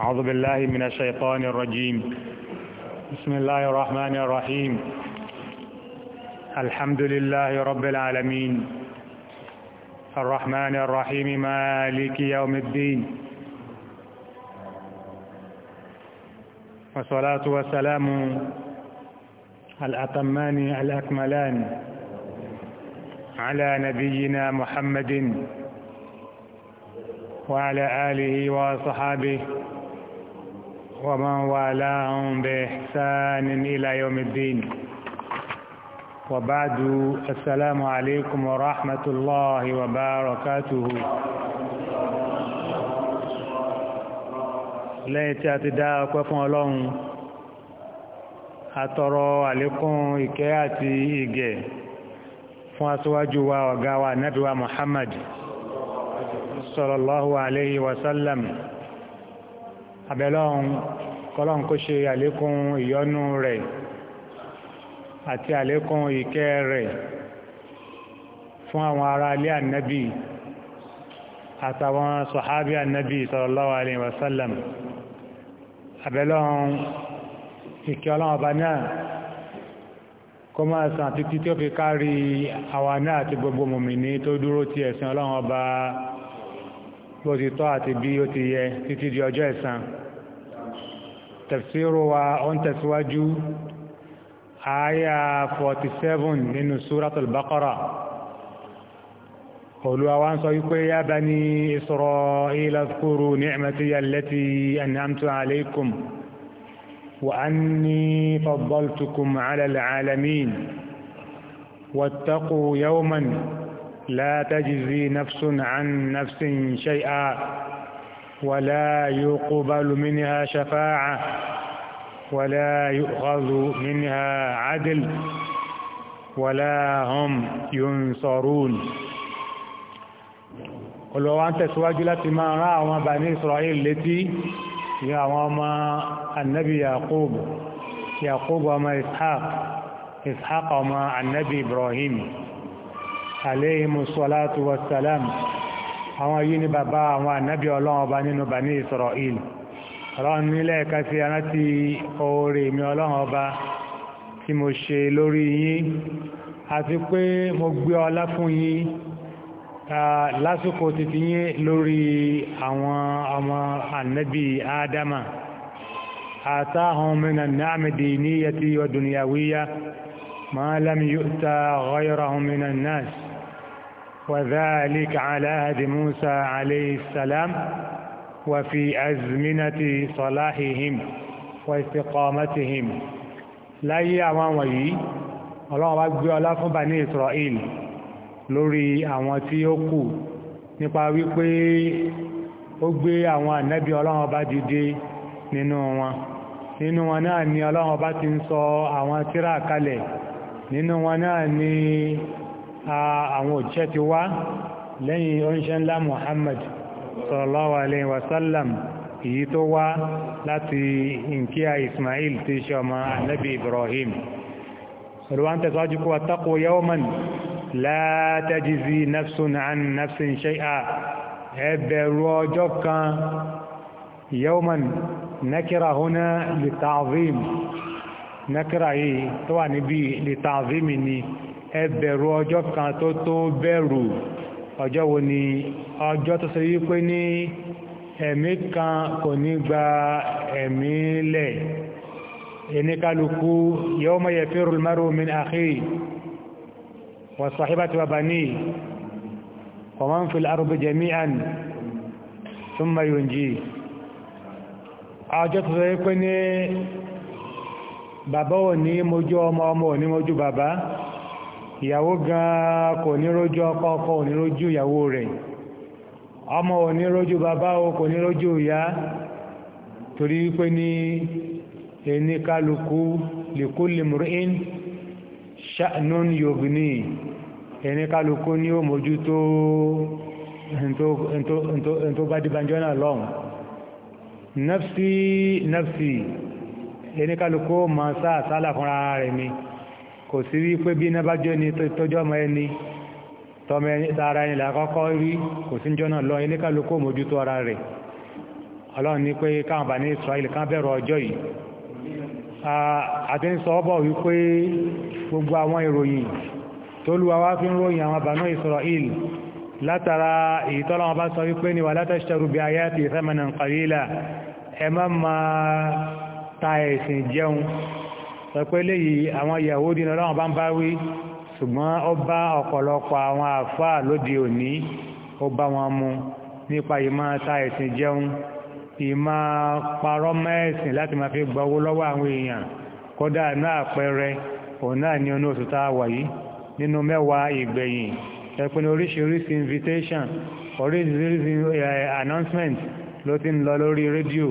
أعوذ بالله من الشيطان الرجيم بسم الله الرحمن الرحيم الحمد لله رب العالمين الرحمن الرحيم مالك يوم الدين والصلاة والسلام الأتمان الأكملان على نبينا محمد وعلى آله وصحابه ومن والاهم بإحسان إلى يوم الدين وبعد السلام عليكم ورحمة الله وبركاته lẹ́yìn tí a ti dá ọpẹ́ fún ọlọ́run àtọrọ àlékún ìkẹ́ àti ìgẹ̀ fún aṣíwájú wa ọ̀gá wa nábíwá Muhammad sallallahu alayhi wa sallam abẹ́lọ́run kọ́lọ́n kó ṣe àlékún ìyọ́nú rẹ̀ àti àlékún ìkẹ́ rẹ̀ fún àwọn ará ilé ànábì àtàwọn sọ̀hábí ànábì sallallahu alayhi wa sallam abẹ́lọ́run ìkẹ́ ọlọ́run ọba náà kó máa sàn títí tí ó fi kárí àwa náà àti gbogbo mùmìnì tó dúró ti ẹ̀sìn ọlọ́run ọba bó ti tọ́ àti bí ó ti yẹ títí di ọjọ́ ẹ̀san tafsiru wa ó ń tẹ̀síwájú àyà 47 nínú suratul baqara Olúwa wa ń sọ wípé ya bani Isra'ila dhkuru ni'matiya allati an'amtu alaykum وأني فضلتكم على العالمين واتقوا يوما لا تجزي نفس عن نفس شيئا ولا يقبل منها شفاعة ولا يؤخذ منها عدل ولا هم ينصرون ولو أنت سواج ما رأى وما بني إسرائيل التي يا وما النبي يعقوب يعقوب وما إسحاق إسحاق وما النبي إبراهيم alayhimu salatu wassalam àwọn yìí ni bàbá àwọn ànábì ọlọ́run ọba nínú Bani Isra'il ọlọ́run nílẹ̀ ká fi arántí oore mi ọlọ́run ọba tí mo ṣe lórí yín àti pé mo gbé ọlá fún yín lásìkò títí yín lórí àwọn ọmọ ànábì ádámà àtàhùn mìíràn náàmìdì níyàtí wa وذلك على عهد موسى عليه السلام وفي أزمنة صلاحهم واستقامتهم láyé àwọn wọ̀nyí ọlọ́run bá gbé ọlá fún Bani Israel lórí àwọn tí ó kù nípa wípé ó gbé àwọn ànábì ọlọ́run bá dìde nínú wọn nínú wọn náà ni ọlọ́run bá ti ń sọ àwọn tírà kalẹ̀ nínú wọn náà ni àwọn òjíṣẹ́ ti wá lẹ́yìn oúnjẹ ńlá Muhammad sallallahu alaihi wasallam èyí tó wá láti ìkíyà Ismail tí ṣe ọmọ Ànábì Ibrahim olùwọ́n tẹ̀síwájú kó wattaqu yawman la tajzi nafsun an nafsin shay'a ẹ bẹ̀rù ọjọ́ kan yawman nakira huna li ta'zim nakira yìí tó wà níbi li ta'zim ni ẹ bẹ̀rù ọjọ́ kan tó tó bẹ̀rù ọjọ́ wo ni ọjọ́ tó ṣe wípé ní ẹ̀mí kan kò ní gba ẹ̀mí lẹ̀ ẹnikálukú yawma yafiru al-mar'u min akhihi wa sahibati wa banihi wa man fil ardi jami'an thumma yunjihi ọjọ́ tó ṣe wípé ní bàbá ò ní mojú ọmọ ọmọ ò ní mojú bàbá ìyàwó gan-an kò ní rójú ọkọ ọkọ ò ní rójú ìyàwó rẹ̀ ọmọ ò ní rójú bàbá o kò ní rójú ìyá torí wípé ní ẹni kálukú likulli mri'in sha'nun yughni ẹni kálukú ní ó mójútó ẹ̀ntó bá náà lọ́wọ́ nafsi nafsi ẹni kálukú ma sáà sálà fúnra rẹ̀ mi kò sí wípé bí iná bá jẹ́ ni tọ́jọ́ ọmọ ẹni tọmọ ara ẹni làkọ́kọ́ rí kò sí jọ́nà lọ ilé kálukú mójútó ara rẹ̀ ọlọ́run ní pé káwọn bá ní Israel kan bẹ̀rọ ọjọ́ yìí àti ń sọ ọ́bọ̀ wípé gbogbo àwọn ìròyìn tó lúwa wá fi ń ròyìn àwọn bànú Israel látara ìtọ́lọ́wọ́n bá sọ wípé ni wà látàṣẹ́rù bí ayé àti ìfẹ́mẹ́nà kàrílà ẹ má sọ pé léyìí àwọn Yahudi ní ọlọ́run bá ń bá wí ṣùgbọ́n ó bá ọ̀pọ̀lọpọ̀ àwọn àfáà lóde òní ó bá wọn mu nípa ìmọ̀ ta ẹ̀sìn jẹun ìmọ̀ parọ́ mẹ́ẹ̀sìn láti máa fi gbọ́wó lọ́wọ́ àwọn èèyàn kódà náà àpẹẹrẹ òun náà ní ọ̀nà oṣù wà yìí nínú mẹ́wàá ìgbẹ̀yìn ẹ̀pin oríṣiríṣi invitation oríṣiríṣi announcement ló ti ń lọ lórí rédíò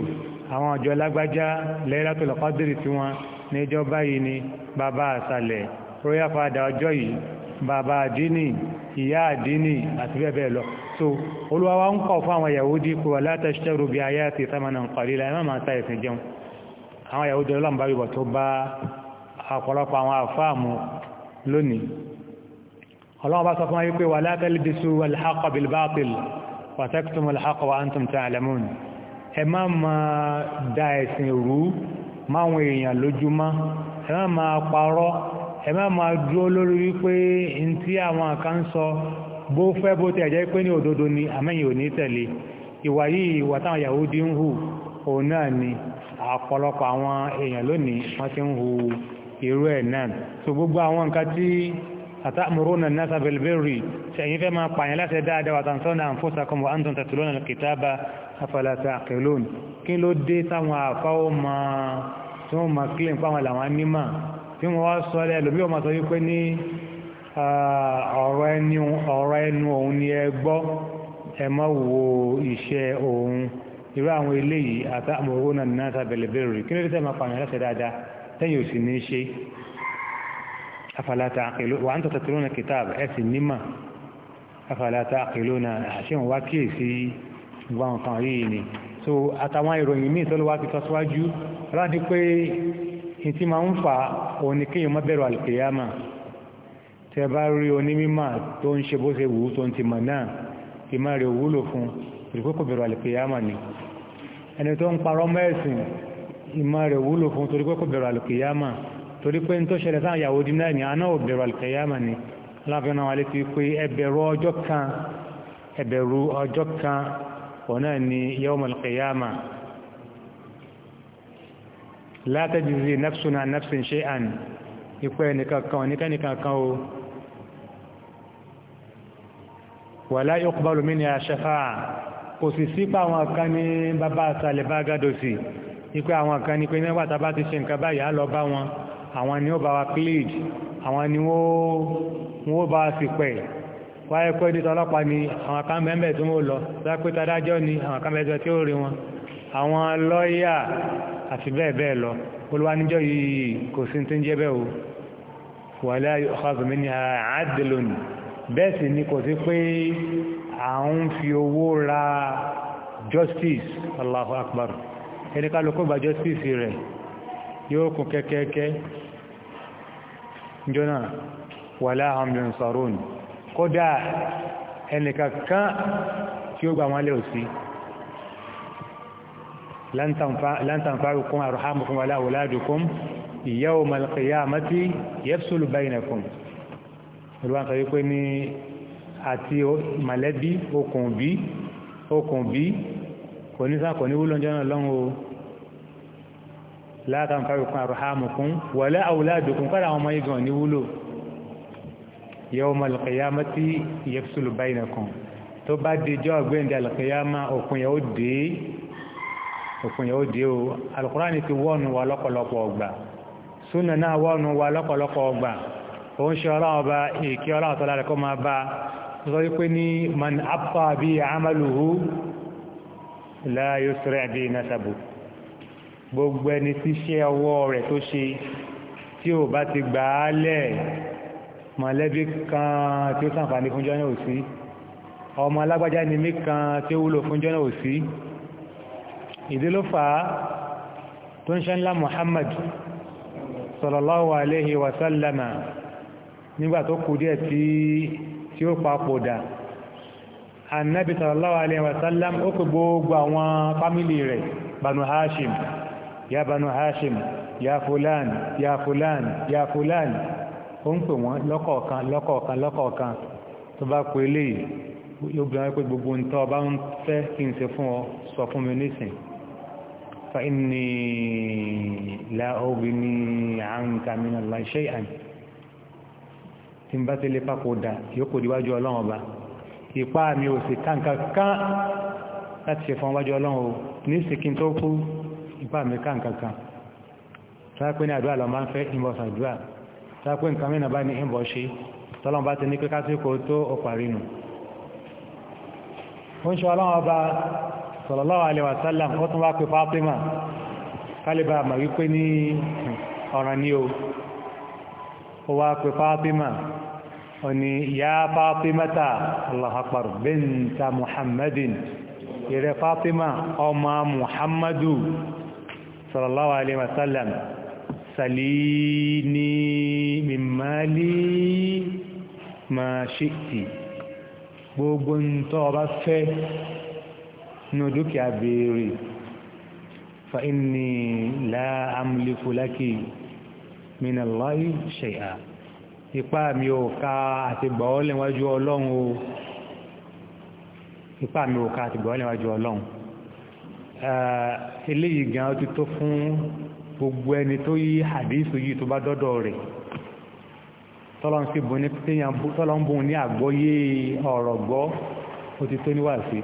àwọn ọjọ́ lágbájá lẹ́yìn látòlọ́kọ́dìrì tiwọn níjọ́ báyìí ni bàbá àsàlẹ̀ royal father ọjọ́ yìí bàbá àdínì ìyá àdínì àti bẹ́ẹ̀ bẹ́ẹ̀ lọ so olúwa wa ń kọ̀ fún àwọn yahudi kò wà látàṣẹ́rù bí ayé àti sámanà ń kọ̀lé la ẹ̀mọ́ máa ta ẹ̀sìn jẹun àwọn yahudi ọlọ́run bá yọ̀bọ̀ tó bá ọ̀pọ̀lọpọ̀ àwọn àfáàmù lónìí ọlọ́run máwọn èèyàn lójúmọ́ ẹ má máa parọ́ ẹ má máa dúró lórí wípé n tí àwọn kan sọ bó fẹ́ bó tẹ̀ jẹ́ pé ní òdodo ni àmẹ́yìn ò ní tẹ̀lé ìwà yìí ìwà táwọn Yahudi ń hù òun náà ni àpọ̀lọpọ̀ àwọn èèyàn lónìí wọ́n ti ń hù irú ẹ̀ náà so gbogbo àwọn nǹkan tí àtàmùrúnà náà bẹ̀lbẹ̀rì ṣẹ̀yìn fẹ́ máa pààyàn láti dáadáa wàtàntọ́nà àǹfóṣàkùn wà ń tún tàtìlónà kìtàbà afẹ́lẹ́ta àkẹlón kí ló dé táwọn àfáwọ́ tí wọ́n máa kílẹ̀ pàwọn làwọn nímà tí wọ́n wá sọ ẹ́ lóbi ọmọ sọ wípé ní ọ̀rọ̀ ẹnu òun ni ẹ gbọ́ ẹ má wo iṣẹ́ òun irú àwọn eléyìí àtàmùrúnà náà bẹ̀lbẹ̀rì kí ló dé táwọn àfáwọ́ afala ta'qilun wa anta tatluna kitab ẹ̀sì nímà afala ta'qiluna àṣẹ wọn wá kíyèsí gbọ́n nǹkan yìí ni so àtàwọn ìròyìn míì tó ló wá fi tọ́ síwájú rádi pé ìtì máa ń fa òun ni kéèyàn má bẹ̀rù àlùkìyàmà tẹ bá rí onímímà tó ń ṣe bó ṣe wù ú tó ń ti mọ̀ náà kì má rí òwúlò fún ìrìkó kò bẹ̀rù àlùkìyàmà ni ẹni tó ń parọ́ mẹ́sìn ìmọ̀ rẹ̀ wúlò fún torí pé kò bẹ̀rù àlùkìyàmà torí pé ní tó ṣẹlẹ̀ sáà Yahudi náà ní aná òbẹ̀rù alkiyama ni aláfẹ́nà wà létí pé ẹbẹ̀rù ọjọ́ kan ẹbẹ̀rù ọjọ́ kan ọ̀nà ni yawm alkiyama la tajzi nafsun an nafsin shay'an ipẹ́ nìkankan oníkẹ́nìkankan o wala yuqbalu minha shafa'a kò sì sípa àwọn kan ní bàbá àtàlẹ̀bá gádòsì ipẹ́ àwọn kan ní pé nígbàtà bá ti ṣe nǹkan báyìí á lọ bá wọn àwọn ni ó bá wa plead àwọn ni wọ́n bá wa sì pẹ̀ wáyé pé ní tọ́lọ́pàá ni àwọn akámbẹ̀mẹ̀ tó mọ́ lọ lápẹ́ta dájọ́ ni àwọn akámbẹ̀mẹ̀ tí ó rí wọn àwọn lọ́yà àti bẹ́ẹ̀ bẹ́ẹ̀ lọ olúwaníjọ́ yìí kò sí tí ń jẹ́ bẹ́ẹ̀ o ẹni kálukú gba justice rẹ̀ yóò kún kẹ́kẹ́kẹ́ jọna wà láhàmlin sọ̀rọ̀nù kódà ẹnìkankan tí ó gbà wọn lè òsí lantanfarukun arhamukun wà láwọ̀ládùkún ìyàwó malkiyamati yẹ́fṣùlù báyìnàkùn olùwọ́n sọ wípé ní àti mọ̀lẹ́bí okùn bí okùn bí kò ní sáà kò látàn fàrùkún àrùhámùkún wàlá àwùládùkún kọ́dà àwọn ọmọ igan ní wúlò yawmal qiyamati yafsulu bainakum tó bá dejọ́ ọ̀gbẹ́ndẹ̀ alqiyama òkun yẹn ó dé òkun yẹn ó dé o alukurani ti wọ́ọ̀nù wa lọ́pọ̀lọpọ̀ ọgbà súnà náà wọ́ọ̀nù wa lọ́pọ̀lọpọ̀ ọgbà la yusra bi nasabu gbogbo ẹni tí iṣẹ́ ọwọ́ rẹ̀ tó ṣe tí ò bá ti gbà á lẹ̀ mọ̀lẹ́bí kan tí ó ṣàǹfààní fún jọ́nà òsí ọmọ alágbájá ni mí kan tí ó wúlò fún jọ́nà òsí ìdí tó ń ṣe ńlá Muhammad sallallahu alaihi wasallama nígbà tó kù díẹ̀ tí ó papòdà annabi sallallahu alaihi wasallam ó pè gbogbo àwọn fámílì rẹ̀ banu Hashim ya banu hashim ya fulan ya fulan ya fulan ó ń pè wọ́n lọ́kọ̀ọ̀kan lọ́kọ̀ọ̀kan lọ́kọ̀ọ̀kan tó bá pè lè obìnrin pé gbogbo ń tọ́ bá ń fẹ́ kí n ṣe fún ọ sọ fún mi nísìn fa inni la ughni anka min Allahi shay'an tí n bá tẹ́lé pápódà yóò kò díwájú ọlọ́run ọba ipá mi ò sì káǹkà kán láti ṣe fún ọwájú ọlọ́run o ní ìsìnkí tó kú ipá mi ká nǹkan kan tọ́lápẹ́ ní àdúrà lọ máa ń fẹ́ inbox àdúrà tọ́lápẹ́ nǹkan mẹ́rin bá ní inbox ṣe tọ́lọ́n bá ti ní pé kásìkò tó ọparí nù ó ń ṣe ọlọ́wọ́ bá sallallahu alaihi wasallam ó tún wá pé Fátímà kálíbà mà wípé ní ọ̀ràn ní o ó wá pé Fátímà ó ní ya Fátímata Allahu akbar Muhammadin ìrẹ Fátímà ọmọ Muhammadu sallallahu alaihi wasallam salini mimali ma ṣíkì gbogbo ń tọ́ ọba fẹ́ nínú dúkìá béèrè fa inni la amliku laki minallahi shay'a ipá mi ò ká àti gbọ́ọ́lẹ̀wájú ọlọ́run Eh, eléyìí gan ó ti tó fún gbogbo ẹni tó yí àdéhùn yìí tó bá dọ́dọ̀ rẹ̀ tọ́lọ́ ń bùn ní àgbọ́yé ọ̀rọ̀ gbọ́ ó ti tó níwàásí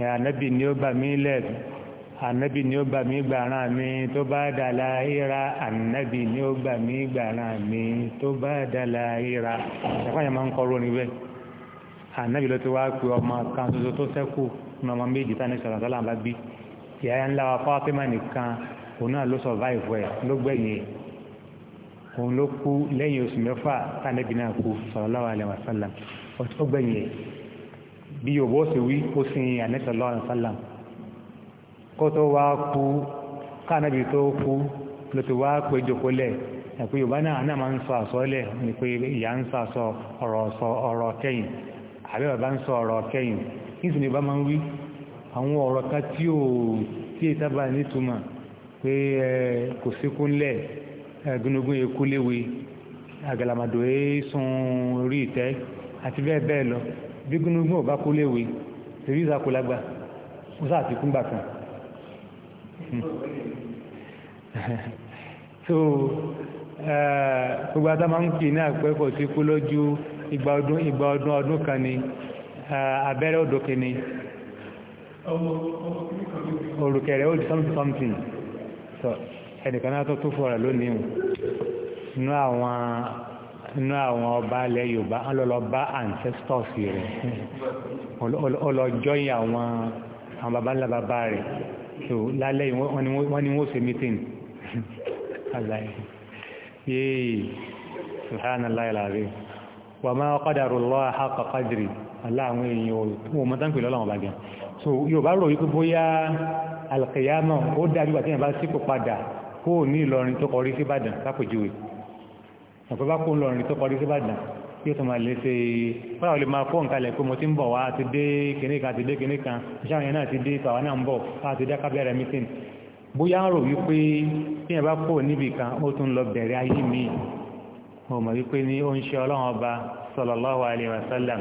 eh, ànábì ni ó gbà mí lẹ̀ ànábì ni ó gbà mí gbàrà mi tó bá dàlà ìra ànábì ni ó gbà mí gbàrà mi tó bá dàlà ìra ẹ̀kọ́ yẹn máa ń kọ́ ronú bẹ́ẹ̀ ló ti wá pé ọmọ kan tuntun tó sẹ́kù ní ọmọ méjì tá ní sọ̀rọ̀ sọ́lá bá bí ìyá ńlá wa Fátímà nìkan òun náà ló survive ẹ̀ ló gbẹ̀yìn òun ló kú lẹ́yìn oṣù mẹ́fà tá níbi náà kú sallallahu alaihi wasallam ó gbẹ̀yìn ẹ̀ bí yòówó sì wí ó sin ànẹ́sọ̀lọ́ àṣálà kó tó wá kú káànábi tó kú ló ti wá pé jòkólẹ̀ ẹ̀kú yorùbá náà náà máa ń sọ àsọ́ọ́lẹ̀ ní pé ìyá ń sọ ọ̀rọ̀ kẹ́yìn àbí bàbá ń sọ ọ̀rọ̀ kẹ́yìn nítorí ní bá máa ń wí àwọn ọ̀rọ̀ ká tí ò tí è sábà nítumọ̀ pé kò síkú ńlẹ̀ gúnugún ekú léwe àgàlàmàdò èésùn orí ìtẹ́ àti bẹ́ẹ̀ bẹ́ẹ̀ lọ bí gúnugún ò kú léwe èrí ìsàkó lágbà ó sáà ti kún gbà kan so gbogbo adá máa ń pè ní àpẹ́kọ̀ọ́ tí kú lójú igba ọdún ọdún kan ni Uh, abẹ́rẹ́ òdòkè ni olùkẹ̀rẹ̀ old something something so ẹnìkan náà tó tó fọ́ra lónìí inú àwọn inú àwọn ọba alẹ́ Yorùbá ọlọ́lọ́ bá ancestors rẹ̀ ọlọ́jọ́yìn àwọn àwọn bàbá ńlá bàbá rẹ̀ so lálẹ́ wọ́n ni wọ́n ṣe meeting aláì yéè subhanallah ilàrí wà máa qadarullaha haqqa qadri aláwọn èèyàn tó mọ̀ tán pẹ̀lú ọlọ́wọ̀n bàgẹ̀ so yóò bá rò wípé bóyá alkiyama ó dájú àti ìyàmbá sípò padà kó o ní ìlọrin tó kọrí sí ìbàdàn lápòjúwe ọ̀pẹ́ bá kó ìlọrin tó kọrí sí ìbàdàn yóò tó máa lè ṣe fọ́nà olè máa fọ́ nǹkan lẹ̀kọ́ mo ti ń bọ̀ wá ti dé kìnní kan ti dé kìnní kan iṣẹ́ àwọn yẹn náà ti dé tàwa náà ń bọ̀ wá ti dá kábíyàrẹ̀ mítín bóyá ń rò wípé tí yẹn bá kó níbì kan ó tún lọ bẹ̀rẹ̀ ayé mi mo mọ̀ wípé ní ó ń ṣe ọlọ́run ọba sallallahu alaihi wasallam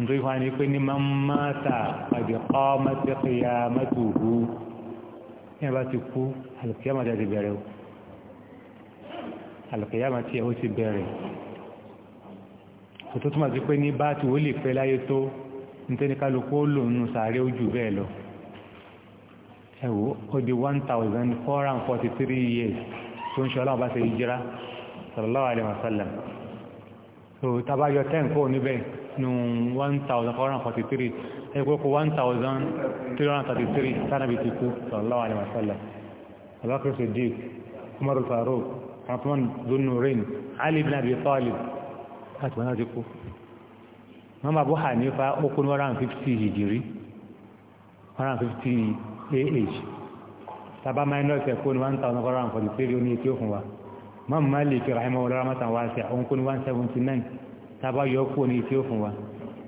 nítorí wọn ni pé ní máa ń máa ta pàdé ọ́ mọ́tẹ́kẹ́yà mọ́tò òhù ní ẹ bá ti kú àlùkìyàmọ̀ tẹ́ ti bẹ̀rẹ̀ o àlùkìyàmọ̀ tí ẹ ó ti bẹ̀rẹ̀ kò tó túmọ̀ sí pé ní bá ti wọlé pẹ́ láyé tó nítorí kálukú ó lò nínú sàárẹ̀ ojú bẹ́ẹ̀ lọ ẹ ó di one years tó ń ṣe ọlọ́run ṣe yíjira sallallahu alaihi wasallam so tabajọ ten kó níbẹ̀ nù 1443 ẹgbẹ́kù 1333 tánàbí ti kú sallallahu alaihi wasallam abakar siddiq umar farouk rahman zunurin ali bin abi talib láti wọ́n náà ti kú wọ́n bá bú hanifa okun 150 hijiri 150 ah tàbá minus ẹ̀kọ́ ní 1443 oní etí òkun wa mọ́ mọ́lì kí rahimahullah rahmatan wasi'a òun kún 179 tàbá yọ kú ní tí ó fún wa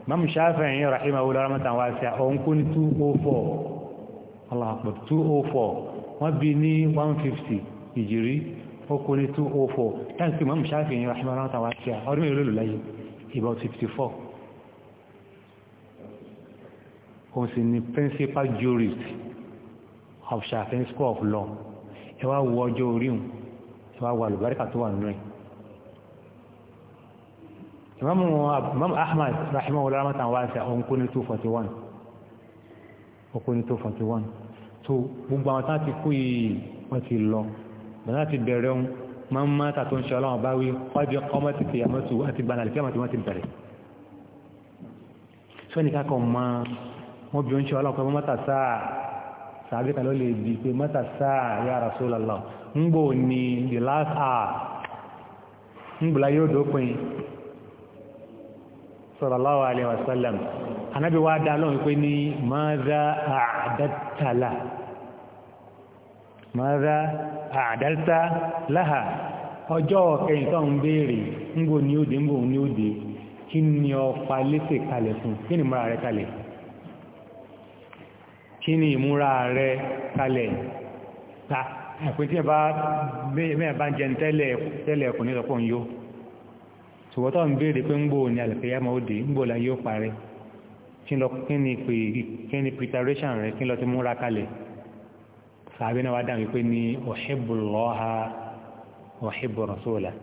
Imam Shafi'i rahimahullah rahmatan wasi'a òun kú ní 204 Allahu akbar 204 wọ́n bí ní 150 ìjìrí ó kú ní 204 táǹkì Imam rahima rahimahullah rahmatan wasi'a ọdún mẹ́rin lòlù láyé about 54 òun sì ni principal jurist of Shafi'i school of law ẹ wá wọ ọjọ́ orí ẹ wá wọ àlùbáríkà tó wà nínú ẹ̀ imam ahmad rahimahullah rahmatan wasi'a òun kú ní 241 òun 241 so gbogbo àwọn tán ti kú yìí wọ́n ti lọ bẹ̀rẹ̀ láti bẹ̀rẹ̀ ohun máa ń máa tàtún ṣe ọlọ́wọ́n bá wí ọjọ́ ọmọ ti fi àmọ́tù àti gbaná àti kíyàmọ̀ tí wọ́n ti bẹ̀rẹ̀ sọ́ni kákọ̀ mọ́ wọ́n bí ó ń ṣe ọlọ́wọ́n pé mọ́tà sáà sallallahu alaihi wasallam anábì wá dá lóhùn pé ni ọpa léṣe kalẹ̀ fún kí ni múra rẹ kalẹ̀ kí ni ìmúra rẹ kalẹ̀ tẹ́lẹ̀ ẹ̀kùn ní ṣùgbọ́tọ̀ ń bèèrè pé ń gbò ní àlẹ̀kẹ́yàmọ́ òdì ń gbò láyé ó parí kí ni pé kí ni preparation rẹ̀ kí lọ ti múra kalẹ̀ sàbí náà wá dáa wípé ní uhibbu Allaha wa uhibbu Rasulah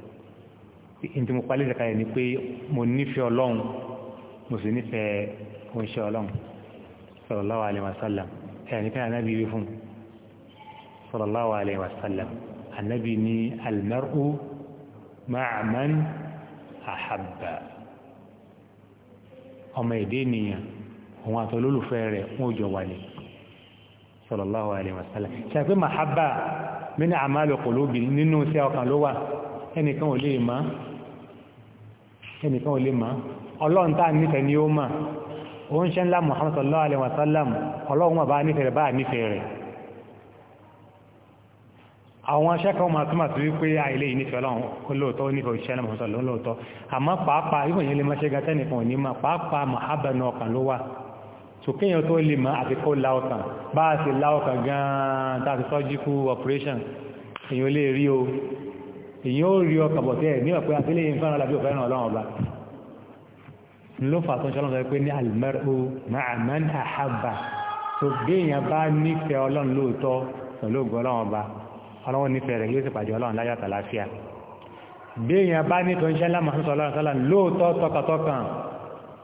ìtí mo palẹ́ ìsẹ̀kalẹ̀ ni pé mo nífẹ̀ẹ́ ọlọ́run mo sì nífẹ̀ẹ́ oúnṣẹ́ ọlọ́run sallallahu alaihi wasallam ẹ̀yà ní káyà náàbí wí fún sallallahu alaihi wasallam annabi ni al-mar'u ma'a àhàbà ọmọ èdè ènìyàn òun àti olólùfẹ́ rẹ̀ wọn ò jọ wà ní sallallahu alaihi wasallam ṣàpé mahabba min a'mal qulubi nínú iṣẹ́ ọkàn ló wà ẹnìkan ò lè mọ̀ ẹnìkan ò lè mọ̀ ọlọ́run tá nífẹ̀ẹ́ ni ó mà ó ńlá Muhammad sallallahu ọlọ́run wà bá nífẹ̀ẹ́ rẹ̀ bá nífẹ̀ẹ́ rẹ̀ àwọn aṣẹ́kọ̀ọ́ máa túnmà sí wípé àìlè ìnífẹ́ ọlọ́run lóòótọ́ nífẹ́ òṣìṣẹ́ lọ́mọ̀sán lọ́n lóòótọ́ àmọ́ pàápàá ìwọ̀n yẹn lè máa ṣe gàtẹ́ nìkan òní máa pàápàá màhábẹ̀nù ọkàn ló wà sòkéyàn tó lè máa àti kó la ọkàn bá a sì la ọkàn gan-an tá a ti surgical operation èyàn lè rí o èyàn ó rí ọkàn bọ̀tẹ́ ẹ̀ níwọ̀n pé abílẹ̀ yìí ń fẹ́ràn lábí òfẹ́ràn ọlọ́run ọba ló tó gbé èèyàn bá nífẹ̀ẹ́ ọlọ́run lóòótọ́ pẹ̀lú ọlọ́run ọba ọlọ́wọ́ nífẹ̀ẹ́ rẹ̀ yóò sì pàdé ọlọ́run láyọ̀ àtàláfíà bí èèyàn bá ní tó ń ṣe lámàá sọ́lọ́run sọ́lọ́run lóòótọ́ tọkàntọkàn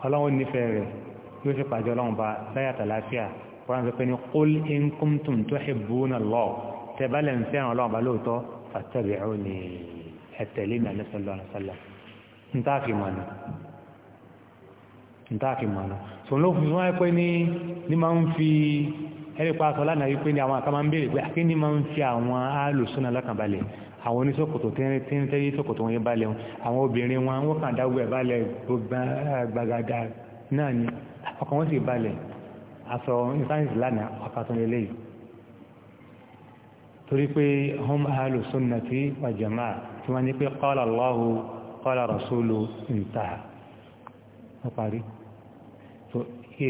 ọlọ́run nífẹ̀ẹ́ rẹ̀ yóò sì pàdé ọlọ́run bá láyọ̀ àtàláfíà wọ́n sọ pé ní qul in kuntum tuhibbuna Allah tẹ̀bálẹ̀ ń fẹ́ràn ọlọ́run bá lóòótọ́ fattabi'uni ẹ̀tẹ̀lé mi àlẹ́ sọ́lọ́run sọ́lọ́run ntaaki mọ̀nà ntaaki mọ̀nà sọ̀rọ̀ ló fi wọ́n pẹ́ ẹ̀rí pa sọ lánàá wípé ní àwọn àkàmà ń béèrè pé àkí ní máa ń fi àwọn alùsùnà lọ́kànbalẹ̀ àwọn oníṣòkòtò tí ń tẹ́yí ṣòkòtò wọn yé balẹ̀ wọn àwọn obìnrin wọn wọ́n kàn dáwọ́ ẹ̀ balẹ̀ gbàgàdà náà ni ọkàn sì balẹ̀ aṣọ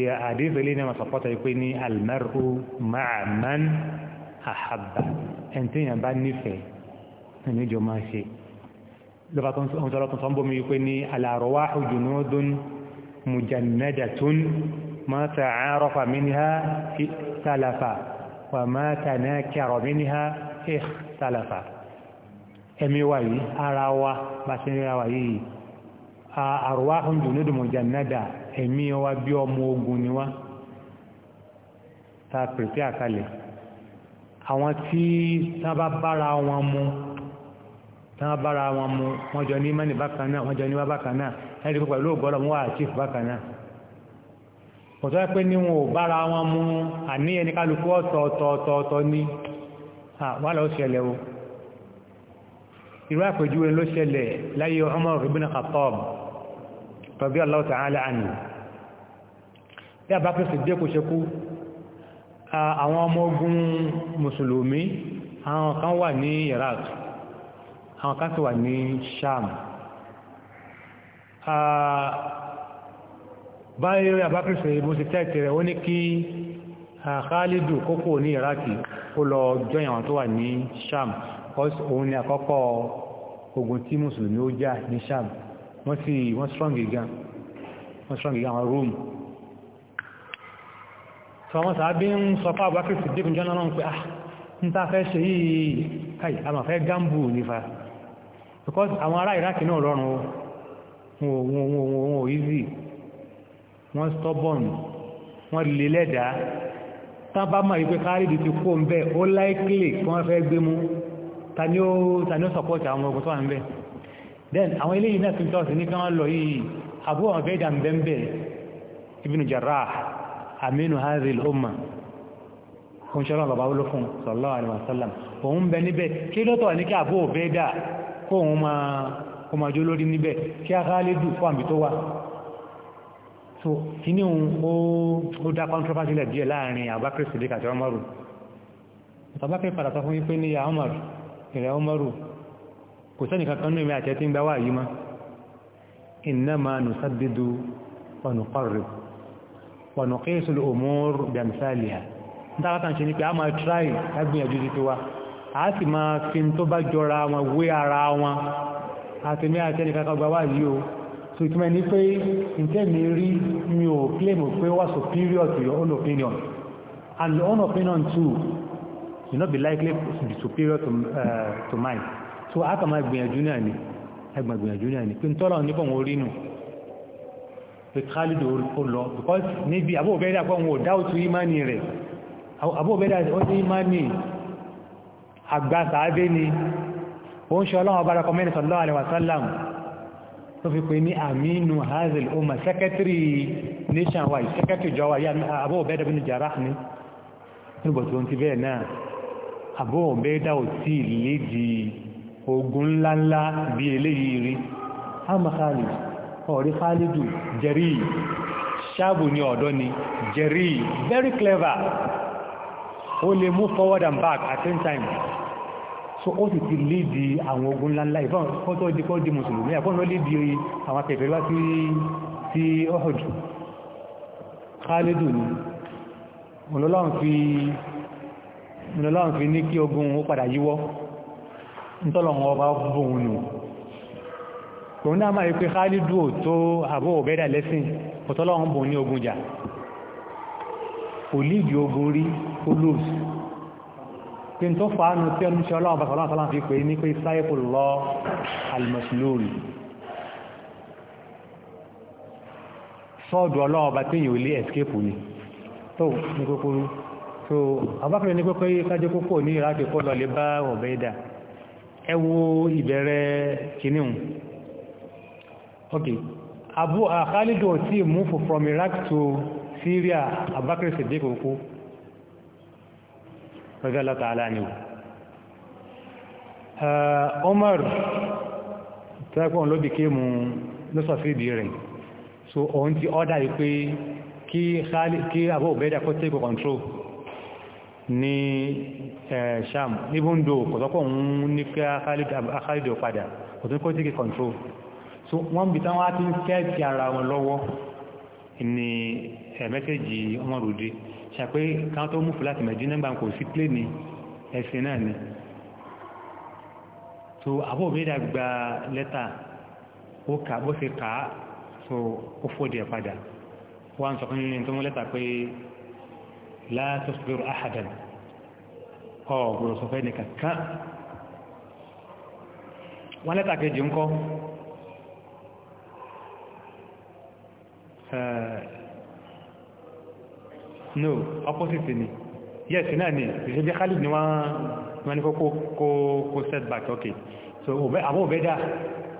àdéhùn ilé ní masọ̀pọ̀tà yìí pé ní almaru ma'aman ahabba ẹni tí èèyàn bá nífẹ̀ẹ́ ẹni jọ máa ṣe lọ́ba tó ń sọ̀rọ̀ tó ń bọ́mi yìí pé ní al-arwahu junudun mujannadatun ma ta'arafa minha ikhtalafa wa ma tanakara minha ikhtalafa ẹ̀mí wa wa bá ṣe ń rí ara wa yìí arwahun junudun mujannada ẹ̀mí wa bí ọmọ ogun ni wá ta pèpè àkàlẹ̀ àwọn tí tán bá bára wọn mu tán bá bára wọn mu wọ́n jọ ní mẹ́ni bákan náà wọ́n jọ ní wá bákan náà ẹni pípẹ́ ló gbọ́dọ̀ wọ́n wà chief bákan náà kò tó yẹ pé ní ò bára wọn mu àní ẹni kálukú ọ̀tọ̀ọ̀tọ̀ọ̀tọ̀ ní wà lọ ṣẹlẹ̀ o irú àpèjúwe ló ṣẹlẹ̀ láyé Umar ibn Khattab rọ̀bí Allahu ta'ala anhu bí Abubakar Siddiq kò ṣe kú àwọn ọmọ ogun mùsùlùmí àwọn kan wà ní Iraq àwọn kan sì wà ní Sham báyìí Abubakar Siddiq bó ti tẹ́ẹ̀tì rẹ̀ ó ní kí Khalidu kókò ní Iraq ó lọ jọyìn tó wà ní Sham òun ni àkọ́kọ́ ogun tí mùsùlùmí ó jà ní Sham wọ́n sì wọ́n strong again? wọ́n strong again? àwọn Rome so wọ́n sàábí ń sọ fún àbúrákì sí débùn jọ́nà náà pé ah ń tá fẹ́ ṣe yìí káì a máa fẹ́ gámbù nífà because àwọn ará Iraki náà rọrùn wọn ò easy wọ́n stubborn wọ́n lè lẹ́dàá tán bá máa wípé káàrìdì ti kó ń bẹ́ ó likely kí wọ́n fẹ́ gbé mú ta ni ó support àwọn ọgbọ̀n tó wà ń bẹ́ẹ̀ then àwọn ilé iná tí tọ́sí ní kan lọ yìí Abu Ubaida bẹ́m̀bẹ̀ ibn Jarrah aminu hazil umma kun ṣe rán bàbá wúlò fún sallallahu alaihi wasallam òun bẹ níbẹ̀ kí lọ́tọ̀ ní kí Abu Ubaida kó òun ma jó lórí níbẹ̀ kí a Khalidu fún àmì tó wà so kíní ó dá controversy lẹ̀ díẹ̀ láàrin kò sẹ́ni kankan nínú àti ẹtí ń gbáwà yìí má innama nusabbidu wa nuqarrib wa nuqisu al-umur bi amthaliha dákàtà ń ṣe ní pé a máa try lágbìyànjú títí wa a sì máa fi tó bá jọra wọn wé ara wọn àti ní àti ẹni kankan gbáwà yìí o so ìtumẹ̀ ní pé ìtẹ́mi rí mi ò claim pé wà superior to your own opinion and your opinion too will not be likely to be superior to, uh, to mine so a kà máa gbìyànjú náà ni ẹgbà gbìyànjú náà ni pé ń tọ́lọ̀ níbọ̀ wọn orí nù pé kálídò ó lọ because níbi àbóbẹ́dà pọ̀ wọn ò dáòtú ìmáni rẹ̀ àbóbẹ́dà ó ní ìmáni àgbà sàábé ni ó ń ṣe ọlọ́wọ́ bára kọ mẹ́rin sallallahu alaihi wasallam tó fi pè ní àmínú hazel umar secretary nationwide secretary jọwa yá àbóbẹ́dà bin Jarrah ní níbọ̀ tó ń ti bẹ́ẹ̀ náà àbóbẹ́dà ò tí ì lédìí ogun ńláńlá bí eléyìí rí ama khalid ọ̀rí khalidu jerry ṣáàbù ní ọ̀dọ́ ni jerry very clever ó lè move forward and back at same time so ó sì ti lédi àwọn ogun ńláńlá ìfọ́n kọ́tọ́ di kọ́ di mùsùlùmí àfọ́n ló lédi àwọn akẹfẹ́lá sí Uhud khalidu ni ọlọ́lọ́run fi ní kí ogun ó padà yíwọ́ nítọ́lọ̀wọ́ ọba bóun nù òun náà máa rí pé Khalidu ò tó àbó òbẹ́dà lẹ́sìn ọ̀tọ́lọ́wọ́n bòun ní ogun jà kò lídìí ogun rí kó lóòsù kí n tó fàánù tí ọdún ṣe ọlọ́wọ́ bàtàlá àtàlá fi pè ní pé sáyẹ́kù lọ almaslóòrì sọ́ọ̀dù ọlọ́wọ́ bá tí yìí ẹ ìbẹ̀rẹ̀ kìnnìún ok abu akhalidu uh, ti move from iraq to syria abakar sadiq kú rọ́gálá tààlá ni omar tẹ́kọ̀ọ́ ló bí kí mú lọ́sọ̀fíìdì rẹ̀ so òun ti ọ́dá yìí pé kí abu obeda kó take control ní sham even though kọ̀tọ́kọ̀ ń ní kí akálìdò padà kọ̀tọ́kọ̀ tí kì control so wọ́n bí táwọn á ti ń kẹ́ẹ̀kì ara wọn lọ́wọ́ ní mẹ́sẹ̀jì ọmọrùdí ṣàpé káwọn tó mú fúláti mẹ́jì sí so àbọ̀ òmìnira gba lẹ́tà ó kà so ó fòdì ẹ̀ padà wọ́n sọ fún látọ́sọ̀rọ̀ àhàdàn ọ̀gbọ̀rọ̀ sọfẹ́ ní kankan wọ́n lẹ́tà kejì ń kọ́ no opposite ni yes náà ni ìṣẹ́ bí khalid ni wọ́n ní kó setback ok so àbọ̀ òbẹ́ dá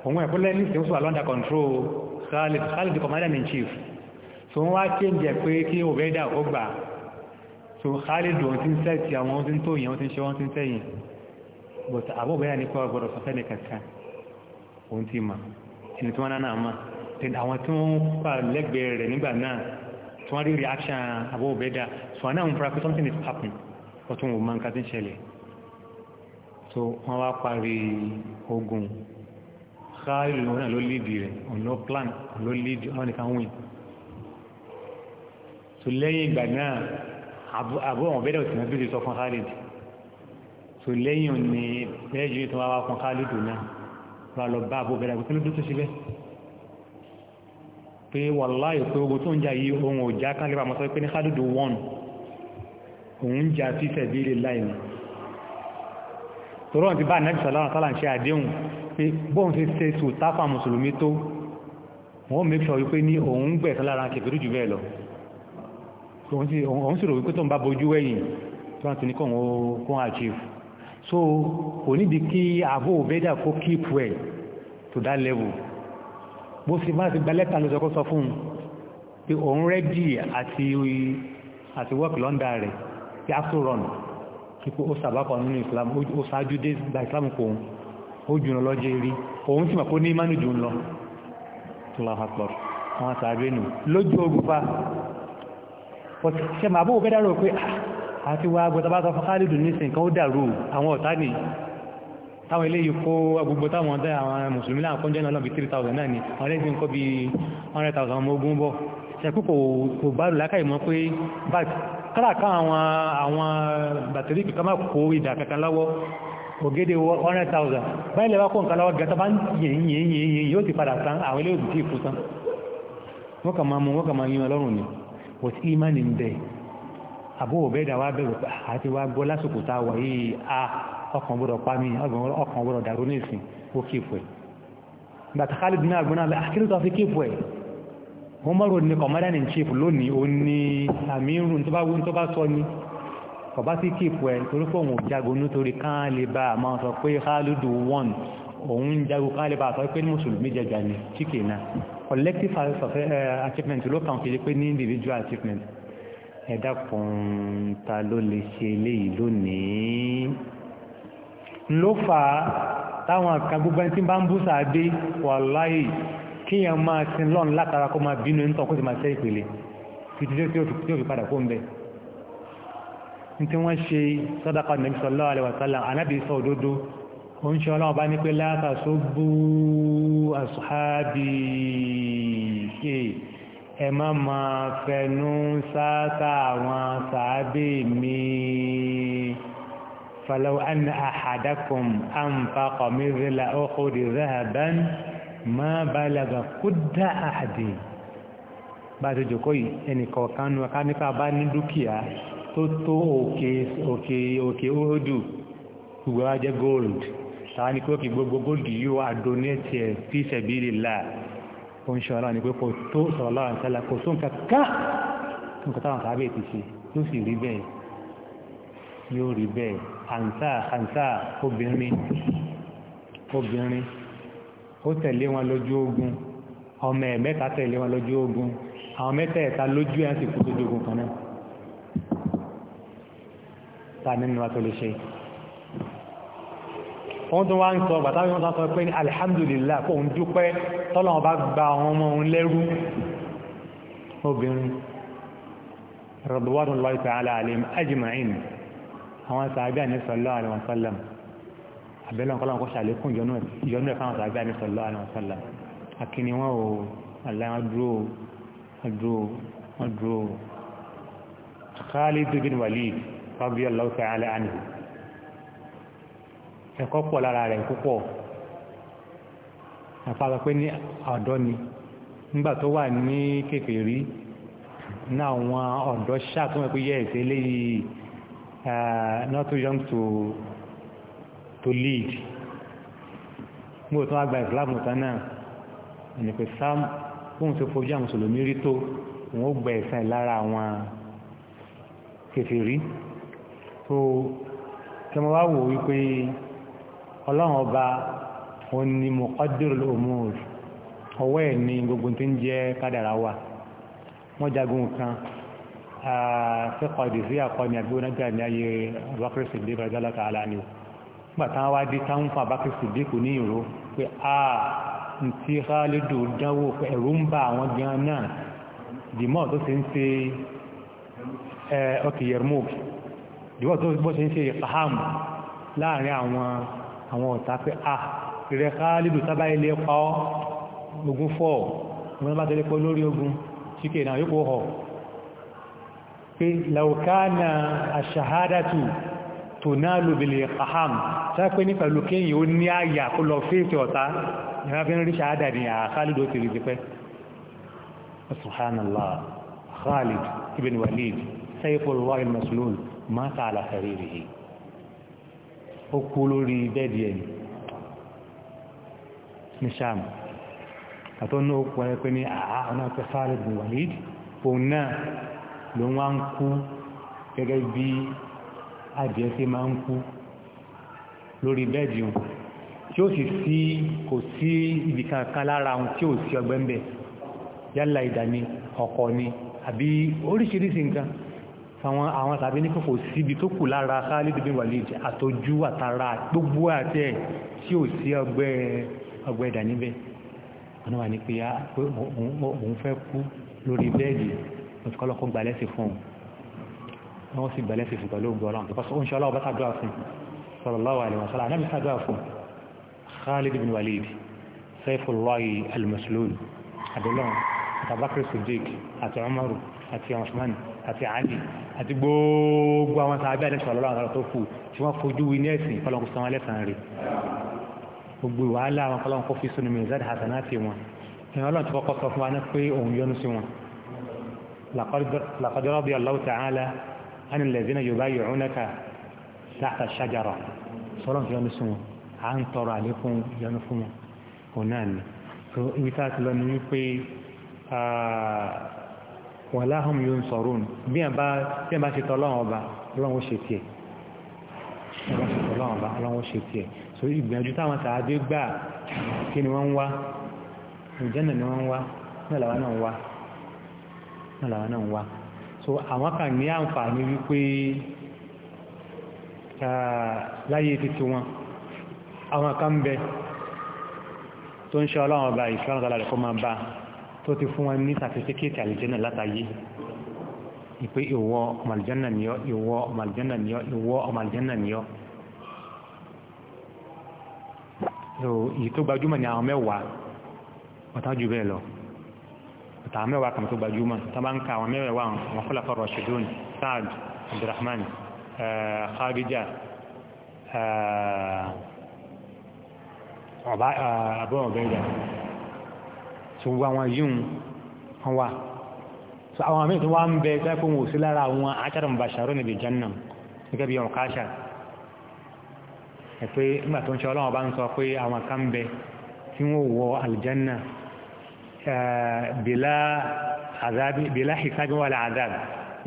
òun ẹ̀kúnlẹ́ ní ìsìn ó sọ alọ́ndà control khalid khalid commander in chief so wọ́n wá change ẹ̀ pé kí òbẹ́ dá ó so Khalid wọn ti ń sẹ́ẹ̀tì àwọn ohun tí ń tó yẹn wọ́n ti ń ṣe wọ́n but àbọ̀ bẹ́yà ní kọ́ ọgbọ́dọ̀ sọ́fẹ́ ní kankan ohun ti mà ẹni tí wọ́n náà mà then àwọn tí wọ́n wà lẹ́gbẹ̀ẹ́ rẹ̀ nígbà náà tí wọ́n rí reaction àbọ̀ bẹ́dà so wọn náà ń something is happening wọ́n tún wò mọ́ nǹkan tí ń so wọ́n wá parí ogun Khalid wọn náà ló lead rẹ̀ ọ̀nà plan ló lead wọn nìkan win so lẹ́yìn ìgbà náà àbúrò wọn bẹ́ẹ̀ òsì náà bí lè sọ fún Khalid tó lẹ́yìn ní lẹ́yìn ju tó wá wá fún Khalid náà wà lọ bá àbúrò bẹ́ẹ̀ kí ló dé tó ṣe bẹ́ẹ̀ pé wàláyé pé ogun tó ń jà yí ohun òjá Khalid bá mọ́ sọ pé ní Khalid wọ́n òun jà fífẹ̀ bí lè láì ní tòrọ́n ti bá nẹ́bí sọ̀lọ́rọ̀ sọ́lá ń ṣe àdéhùn pé bóhun ti ṣe sùtáfà mùsùlùmí tó wọ́n mẹ́fẹ́ wípé ní òun gbẹ̀sán lára kẹfẹ́rú jù bẹ́ẹ̀ lọ òun sì rò wípé tó ń bá bojú wẹ̀yìn tó wọ́n ti ní kóhun achieve so kò nídi kí àbò òbẹ́dà kó keep well to that level bó sì máa ti gba lẹ́tà ló sọkọ́ sọ fún un pé òun rẹ́dì àti work lọ́ndà rẹ̀ tí a run. rọ̀nà kíkó ó sàbápọ̀ nínú Islam ó sáájú dé gba Islam kò òun ó jùlọ lọ́jẹ́ rí òun sì mà kó ní mánu jù lọ tó lọ́hàpọ̀ àwọn àtàrí nù lójú ogun but ṣe ma bó bẹ́dà rò pé ah, àti wà agbọ̀tàbátà fún Khalidu nísìn kan ó dàrú àwọn ọ̀tá ní táwọn ilé yìí kó agbogbo táwọn ọ̀dá àwọn mùsùlùmí láàkọ́ jẹ́ náà lọ́bí 3,000 náà ni àwọn ilé ìsìn kọ́ bí 100,000 ọmọ ogun bọ́ ṣẹ̀kú kò bá rù lákàí mọ́ pé kálàkà àwọn bàtírí kìkan má kó ìdà kankan lọ́wọ́ ògede 100,000 báyìí lẹ́wà kó nǹkan lọ́wọ́ gẹta bá ń yẹ̀yìn yóò ti padà tán àwọn ilé òdì tí ì but imani ń bẹ àbú òbẹ́dà wá bẹ̀rù àti wá gbọ́ lásìkò tá a wà yìí a ọkàn gbọ́dọ̀ pa mí ọkàn gbọ́dọ̀ dàrú ní ìsìn ó kíìpù ẹ̀ bàtà Khalid náà gbọ́n náà akérè tó fi kíìpù ẹ̀ wọ́n mọ́rò ní commander in chief lónìí ó ní àmírù òun jago káàlẹ̀ bá àtọ́ pé ní mùsùlùmí jẹjọ ni chíkè náà collective eh, achievement ló kàn kéde pé ní individual achievement ẹ̀dá kan ta ló lè ṣe eléyìí lónìí ló fà á táwọn kan gbogbo ẹni tí bá ń bú sáadé wàláhì kíyàn máa sin lọ́n látara kó máa bínú ẹni tán kó máa ṣe ìpele títí wọ́n ṣe sàdákà nàbí sallallahu alaihi wasallam ànábì sọ òdodo òun ṣe ọlọ́run bá ní pé láta sóbú àṣùhábì ṣe ẹ má ma fẹnu sáátà àwọn sàábì mi falau an ahadakum anfaqa mithla uhudi dhahaban ma balaga kudda ahadi bá ti jòkó yìí ẹnìkọ̀ọ̀kan ní ọ̀ká nípa bá ní dúkìá tó tó tàà ní pé kí gbogbo góòdì yóò àdónétì ẹ̀ fi ṣẹ̀bírí là ó ń ṣe ọlọ́run ní pé kò tó sọ̀rọ̀ láwọn ìṣẹ́lá kò tó nǹkan kan nǹkan táwọn sábẹ́ ti ṣe yóò sì rí bẹ́ẹ̀ yóò rí bẹ́ẹ̀ àǹsà àǹsà obìnrin obìnrin ó tẹ̀lé wọn lójú ogun ọmọ ẹ̀ tẹ̀lé wọn lójú ogun àwọn mẹ́tẹ̀ẹ̀ta lójú ẹ̀ sì kú lójú ogun kan náà ta nínú wa tó lè ṣe wọ́n tó wá ń sọ bàtà wọ́n sọ pé ní alhamdulillah kó ń dúpẹ́ tọ́lọ́wọ́ bá gba àwọn ọmọ òun lẹ́rú obìnrin radwanullahi ta'ala alaihim ajma'in àwọn sàábí àní sallallahu alaihi wasallam àbẹ́lẹ̀ ọ̀kọ́lọ́wọ́ kó ṣàlékún ìyọnú ẹ̀fà àwọn sàábí àní sallallahu alaihi wasallam akíní wọn ò aláwọ̀dúró Khalid bin Walid radiyallahu ta'ala anhu ẹ̀kọ́ pọ̀ lára rẹ̀ púpọ̀ àfàgbà pé ní ọ̀dọ́ ni nígbà tó wà ní kékeré ní àwọn ọ̀dọ́ ṣáà pé yẹ ẹ̀sẹ̀ léyìí not too young to to lead gbogbo tó wá tán náà ẹni sam fóun tó fojú àwọn mùsùlùmí rí tó wọn ó gba ẹ̀sẹ̀ lára àwọn kékeré tó kẹmọ wá wò wípé ọlọ́run ọba òun ni muqaddirul umur ọwọ́ ẹ̀ ní gbogbo tó ń jẹ́ kádàrá wà wọ́n jagun kan fẹ́kọ̀ọ́dì sí àkọni àgbónájà ní ayé Abubakar Siddiq radiyallahu ta'ala anhu nígbà táwọn wá dé táwọn fún Abubakar Siddiq kò ní ìró pé a ń tí Khalidu dánwò ẹ̀rú ń bá àwọn gan náà dìmọ́ tó ṣe ń ṣe ọkì Yarmouk dìmọ́ tó ṣe ń ṣe ìfahàmù láàrin àwọn àwọn ọ̀tá pé à rẹ̀ káàlìdù sábà ilé pa ọ́ ogun fọ́ wọn bá tẹ́lẹ̀ pọ́ lórí ogun síkè náà yóò pọ̀ pé laukana aṣahádàtù tó náà lòbìlì aham sápẹ́ ní pẹ̀lú kéyìn ó ní ó kú lórí bẹ́ẹ̀dì ẹ̀ ní sham àtọ́nà ó pẹ̀lẹ́ pé ní àá ọ̀nà pẹ̀ Khalid bin Walid òun náà ló wá ń kú gẹ́gẹ́ bí adìẹ sí máa ń kú lórí bẹ́ẹ̀dì òun tí ó sì sí kò sí ibì kankan lára òun tí ó sí ọgbẹ́ yálà ìdà ọkọ̀ ni àbí oríṣiríṣi nǹkan àwọn àwọn tàbí ní kòkò síbi tó kù lára Khalid bin Walid àtọjú àtàrà gbogbo àti ẹ̀ tí ò sí ọgbẹ́ ẹ̀dà níbẹ̀ wọn wà ní pé òun ah, fẹ́ kú lórí bẹ́ẹ̀dì òtùkọ́lọ́kọ́ gbalẹ́sì fún un wọ́n sì gbalẹ́sì fún ọlọ́run tó ń àti àlì àti gbogbo àwọn sàábẹ́ àti ìṣọ̀lọ́lọ́ àwọn tó kù tí wọ́n fojú wí ní ẹ̀sìn fọlọ́nkù sanwó lẹ́sàn-án rè gbogbo wàhálà àwọn fọlọ́nkù fi sunu mìíràn hasanati wọn ìyẹn ọlọ́run ti kọ́kọ́ sọ fún wa ní pé òun yọ́nú sí wọn laqad radiya Allahu ta'ala ani allazina yubayyi'unaka tahta ash-shajara sọlọ́n fi yọ́nú sí wọn à ń tọrọ àlékún yọ́nú wọn òun wà láhùn yóò ń sọ̀rọ̀ nù bí ẹ̀ bá ṣe tọ́lọ́wọ́n ọba ọlọ́run ó ṣe tiẹ̀ ọlọ́run ọba ọlọ́run ó ṣe tiẹ̀ so ìgbìyànjú táwọn sàádé gbà kí ni wọ́n ń wá ìjẹ́nà ni wọ́n ń wá náà làwọn náà àwọn kan ní àǹfààní wípé láyé títí wọn àwọn kan bẹ tó ń ṣe ọlọ́run ọba ìfẹ́ ọ̀nà tààlà rẹ̀ kó máa bá tó ti fún wọn ní sàtífíkẹ́tì àlìjẹ́nà látàyé ìpé ìwọ ọmọ àlìjẹ́nà ni ọ́ ìwọ ọmọ àlìjẹ́nà ni ọ́ ìwọ ọmọ àlìjẹ́nà ni ọ́ èyí tó gbajúmọ̀ ni àwọn mẹ́wàá ọ̀tá jù bẹ́ẹ̀ lọ ọ̀tá mẹ́wàá kan tó gbajúmọ̀ tó bá ń ka àwọn mẹ́wàá àwọn khulafa rashidun Sa'd Abdurrahman eh, Khadija eh, eh, Abu Ubaida so gbogbo àwọn yìí wọn wà so àwọn àmì tí wọ́n ń bẹ sẹ́kùn wò sí lára àwọn àtàrùn bàṣàrò níbi jẹ́nà gẹ́gẹ́ bí ọ̀ká àṣà ẹ̀pẹ́ nígbà tó ń ṣe ọlọ́wọ́ bá ń sọ pé àwọn kan ń bẹ tí wọ́n wọ àlìjẹ́nà eh, bèlá hisabi wà láàdáàbì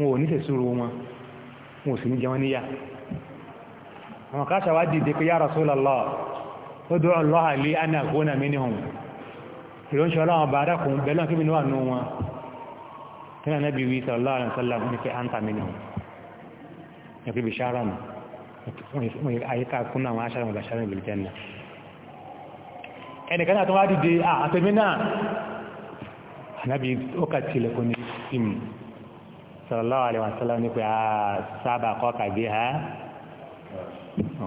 wọn ò ní sẹ̀súrò wọn wọn ò sì ní jẹun níyà àwọn káṣà wá dìde pé yá Rasulullah ó dúró lọ́hà lé ánà gónà mínú ìrọ́nṣọ́ ọlọ́wọ́n bá dákùn bẹ̀lọ́ kí mi níwà nù wọn tí náà nábi wí sallallahu alaihi wasallam ní pé áńtà mi náà ní pé bishara nù àyíká kúnnà àwọn aṣára mọ̀bà ṣára ìbìlì jẹ́nà ẹnìkan àtọwà dìde àtẹ́mí náà anábi ó kà tilẹ̀ kún ní sim sallallahu alaihi wasallam ní pé a sábà kọ́ kàgbé ha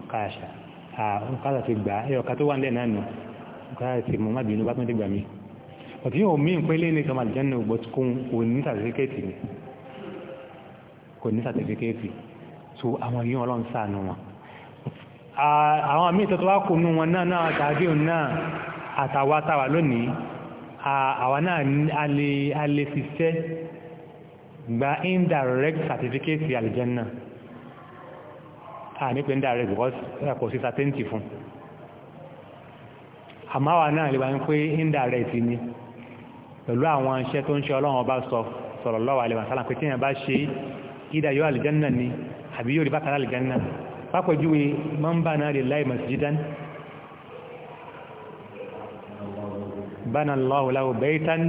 ọ̀káṣà ọ̀káṣà ti gbà ẹ̀yọ̀ká tó wà ń lẹ́ náà káàsì mọ́ má bínú bá tún dìgbà mi ọ̀tí yóò mí pé lé nìkan àlìjánà ògbọ́ tí kò ní sàtífíkẹ́ẹ̀tì ni kò ní sàtífíkẹ́ẹ̀tì so àwọn yíò ọlọ́run ṣàánú wọn àwọn àmì ìtọ́tọ́ wá kò nú wọn náà náà tàbí òun náà àtàwátàwà lónìí àwa náà a lè fiṣẹ́ gba indirect sàtífíkẹ́ẹ̀tì àlìjánà à pé indirect because kò sí sàtẹ́ǹtì fún un àmáwà náà lè wá ń pé indirect ni pẹ̀lú àwọn iṣẹ́ tó ń ṣe ọlọ́run ọba sọ sọ̀rọ̀ lọ́wọ́ àlẹ́ wàsálà pé tíyẹn bá ṣe ìdá yóò àlìjánà ni àbí yóò rí bákan àlìjánà pápọ̀júwe máa ń bá náà lè láì masjidan bana Allahu lahu baytan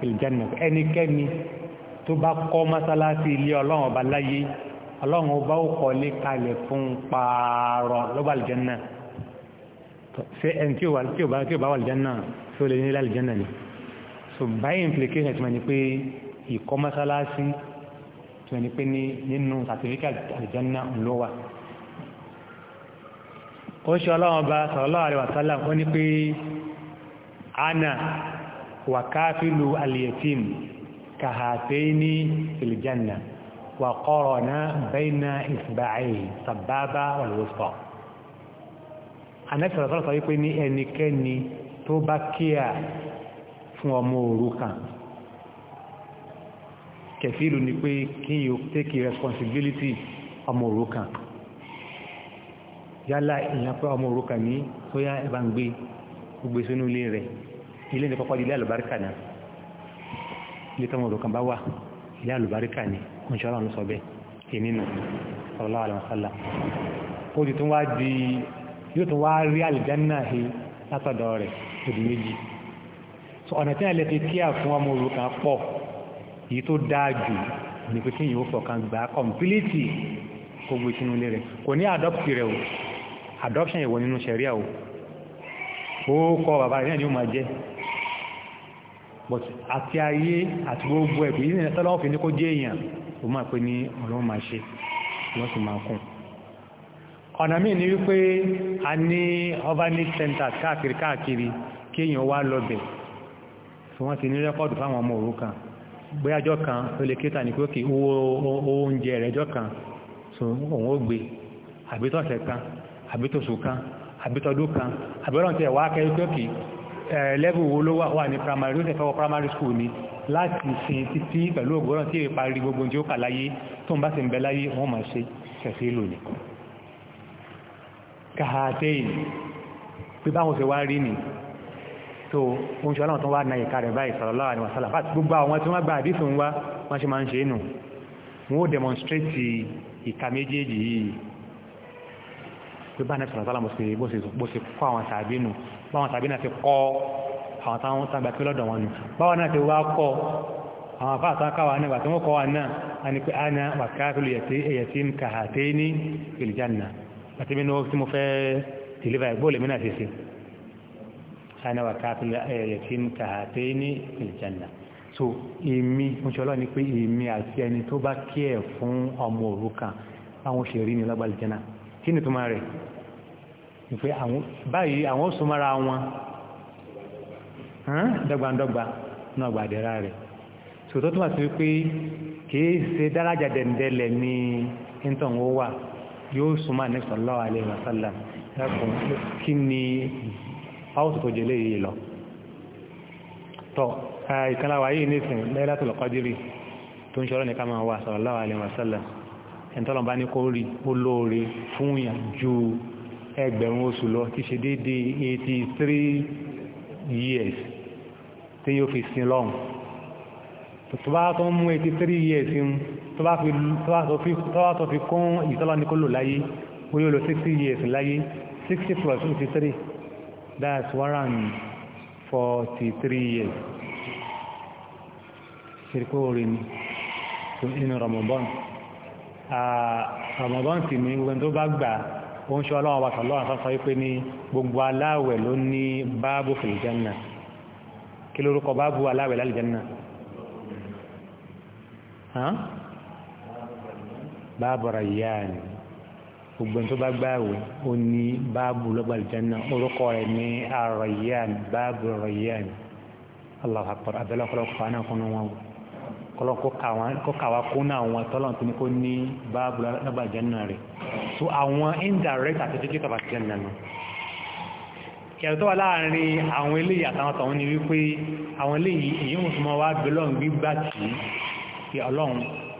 fil bá kọ́ mọ́sálásí ilé ṣe ẹni tí ó bá tí ó bá wà lìjánà tí ó lè nílá lìjánà ni so by implication ti ma ni pé ìkọ́ mọ́sálásí tí ma ni pé nínú certificate àlìjánà ńlọ́wà ó ṣe ọlọ́wọ́n bá sallallahu alaihi wasallam ó ní pé ana wà káfílù aliyatim kàhàtẹ́ni ìlìjánà wà qarana bayna ìsìbáyé sàbábá wal anẹ́sọ̀rọ̀ sọ́rọ̀ sọ wípé ní ẹnikẹ́ni tó bá kíà fún ọmọ òrukàn kẹfìlù ni pé kí yíò take responsibility ọmọ òrukàn yálà èèyàn pé ọmọ òrukàn ní tó yá ẹ̀bá ń gbé gbogbo sínú ilé rẹ̀ ilé ní pápá ilé àlùbáríkà náà ilé tọmọ òrukàn bá wà ilé ni wọ́n ṣe ọlọ́run sọ bẹ́ẹ̀ ènìyàn sallallahu alaihi wasallam ó di yóò tún wá rí àlìjánà he látọ̀dọ̀ rẹ̀ tòdì méjì so ọ̀nà tí wọ́n lè fi kíà fún ọmọ òrukàn pọ̀ èyí tó dáa jù ní pé kí yóò fọkàn gbà kọ̀mpílìtì kó gbé sínú ilé rẹ̀ kò ní àdọ́pì rẹ̀ o adoption ìwọ nínú ṣẹ̀ríà o ó kọ́ bàbá rẹ̀ náà ni but àti ayé àti gbogbo ẹ̀bí ìrìnlẹ̀ tọ́lọ́wọ́ fi ní kó jẹ́ èèyàn ó máa pè ní ọlọ́run máa ṣe wọ́n máa kún un ọ̀nà míì ni wípé a ní organic center káàkiri káàkiri kí èèyàn wá lọ́bẹ̀ tí wọ́n ti ní rẹ́kọ́dù fáwọn ọmọ òrukàn gbéyàjọ́ kan tó lè kéta ní pé òkè owó oúnjẹ rẹ̀jọ́ kan so òun ó gbé àbítọ̀sẹ̀ kan àbítọ̀sù kan àbítọ̀dún kan àbíọ́lọ́n primary ó tẹ̀fẹ́ primary school ni láti sin títí pẹ̀lú ògbóràn tí èèyàn parí gbogbo tí ó kà láyé tó ń bá ṣẹ̀fẹ́ lónìí kàhàtẹ́yìn pé báwọn ṣe wá rí ni tó oúnjẹ ọlọ́run tó wá na ìka rẹ̀ báyìí sallallahu alaihi wasallam àti gbogbo àwọn tí wọ́n gba àdísùn wá wọ́n ṣe máa ń ṣe nù wọ́n ó demonstrate ìka méjèèjì yìí pé bá náà ti àti mi ní ọ́fíìsì tí mo fẹ́ deliver ẹ̀gbọ́n lèmi náà ṣe ṣe ana wa káfí ẹ̀yẹ̀tí ń ka àtẹ́ ní ìjànà so èmi oṣùọlọ́ ni pé èmi àti ẹni tó bá kí ẹ̀ fún ọmọ òrukàn àwọn òṣèré ní ọlọ́gbàlì kí ni túnmọ̀ rẹ̀ ìfẹ́ báyìí àwọn súnmọ́ra wọn dọ́gbandọ́gba náà gbàdẹ̀rà rẹ̀ so tó túnmọ̀ sí wípé kìí ṣe dárájà dẹ̀ndẹ̀lẹ̀ ní ìntàn ó wà yóò súnmọ́ ní sallallahu alaihi wasallam ẹkùn kí ni áwùsù tó jẹlé yìí lọ tọ́ ìkànláwà yìí nísìn Laylatul Qadri tó ń ṣọ́rọ̀ ní ká máa wà sallallahu alaihi wasallam ẹ̀ntọ́lọ̀bá ní tí 83 years tí yóò fi sin lọ́hùn tó bá tó ń mú 83 years ń tó bá sọ fi kún ìtọ́lá ní kó lò láyé ó yóò lò 60 years láyé 60 plus 53 that's 143 years ṣirkó orin inú Ramadan Ramadan sì ní gbogbo tó bá gbà ó ń ṣe ọlọ́wọ́ wa sọ̀lọ́wọ́ sọ́sọ́ wípé ní gbogbo aláwẹ̀ ló ní báàbù fil janna kí lórúkọ báàbù aláwẹ̀ lálìjẹ́nà báàbù rayyan gbogbo ẹni tó bá gbààwẹ̀ ó ní báàbù lọ́gbàlùjánná arayan rẹ̀ ní arayyan báàbù rayyan Allahu akbar abẹ́lẹ́ ọ̀pọ̀lọpọ̀ àwọn akọ́nà wọn kọ́lọ́ kó kàwá kún àwọn tọ́lọ̀ tó ní kó so àwọn indirect àti digital lọ́gbàlùjánná náà ìyàtọ̀ tó wà láàrin àwọn eléyìí àtàwọn tàwọn ni wípé àwọn eléyìí èyí mùsùlùmọ́ wá gbẹ́lọ́n gbígbà tí ọlọ́run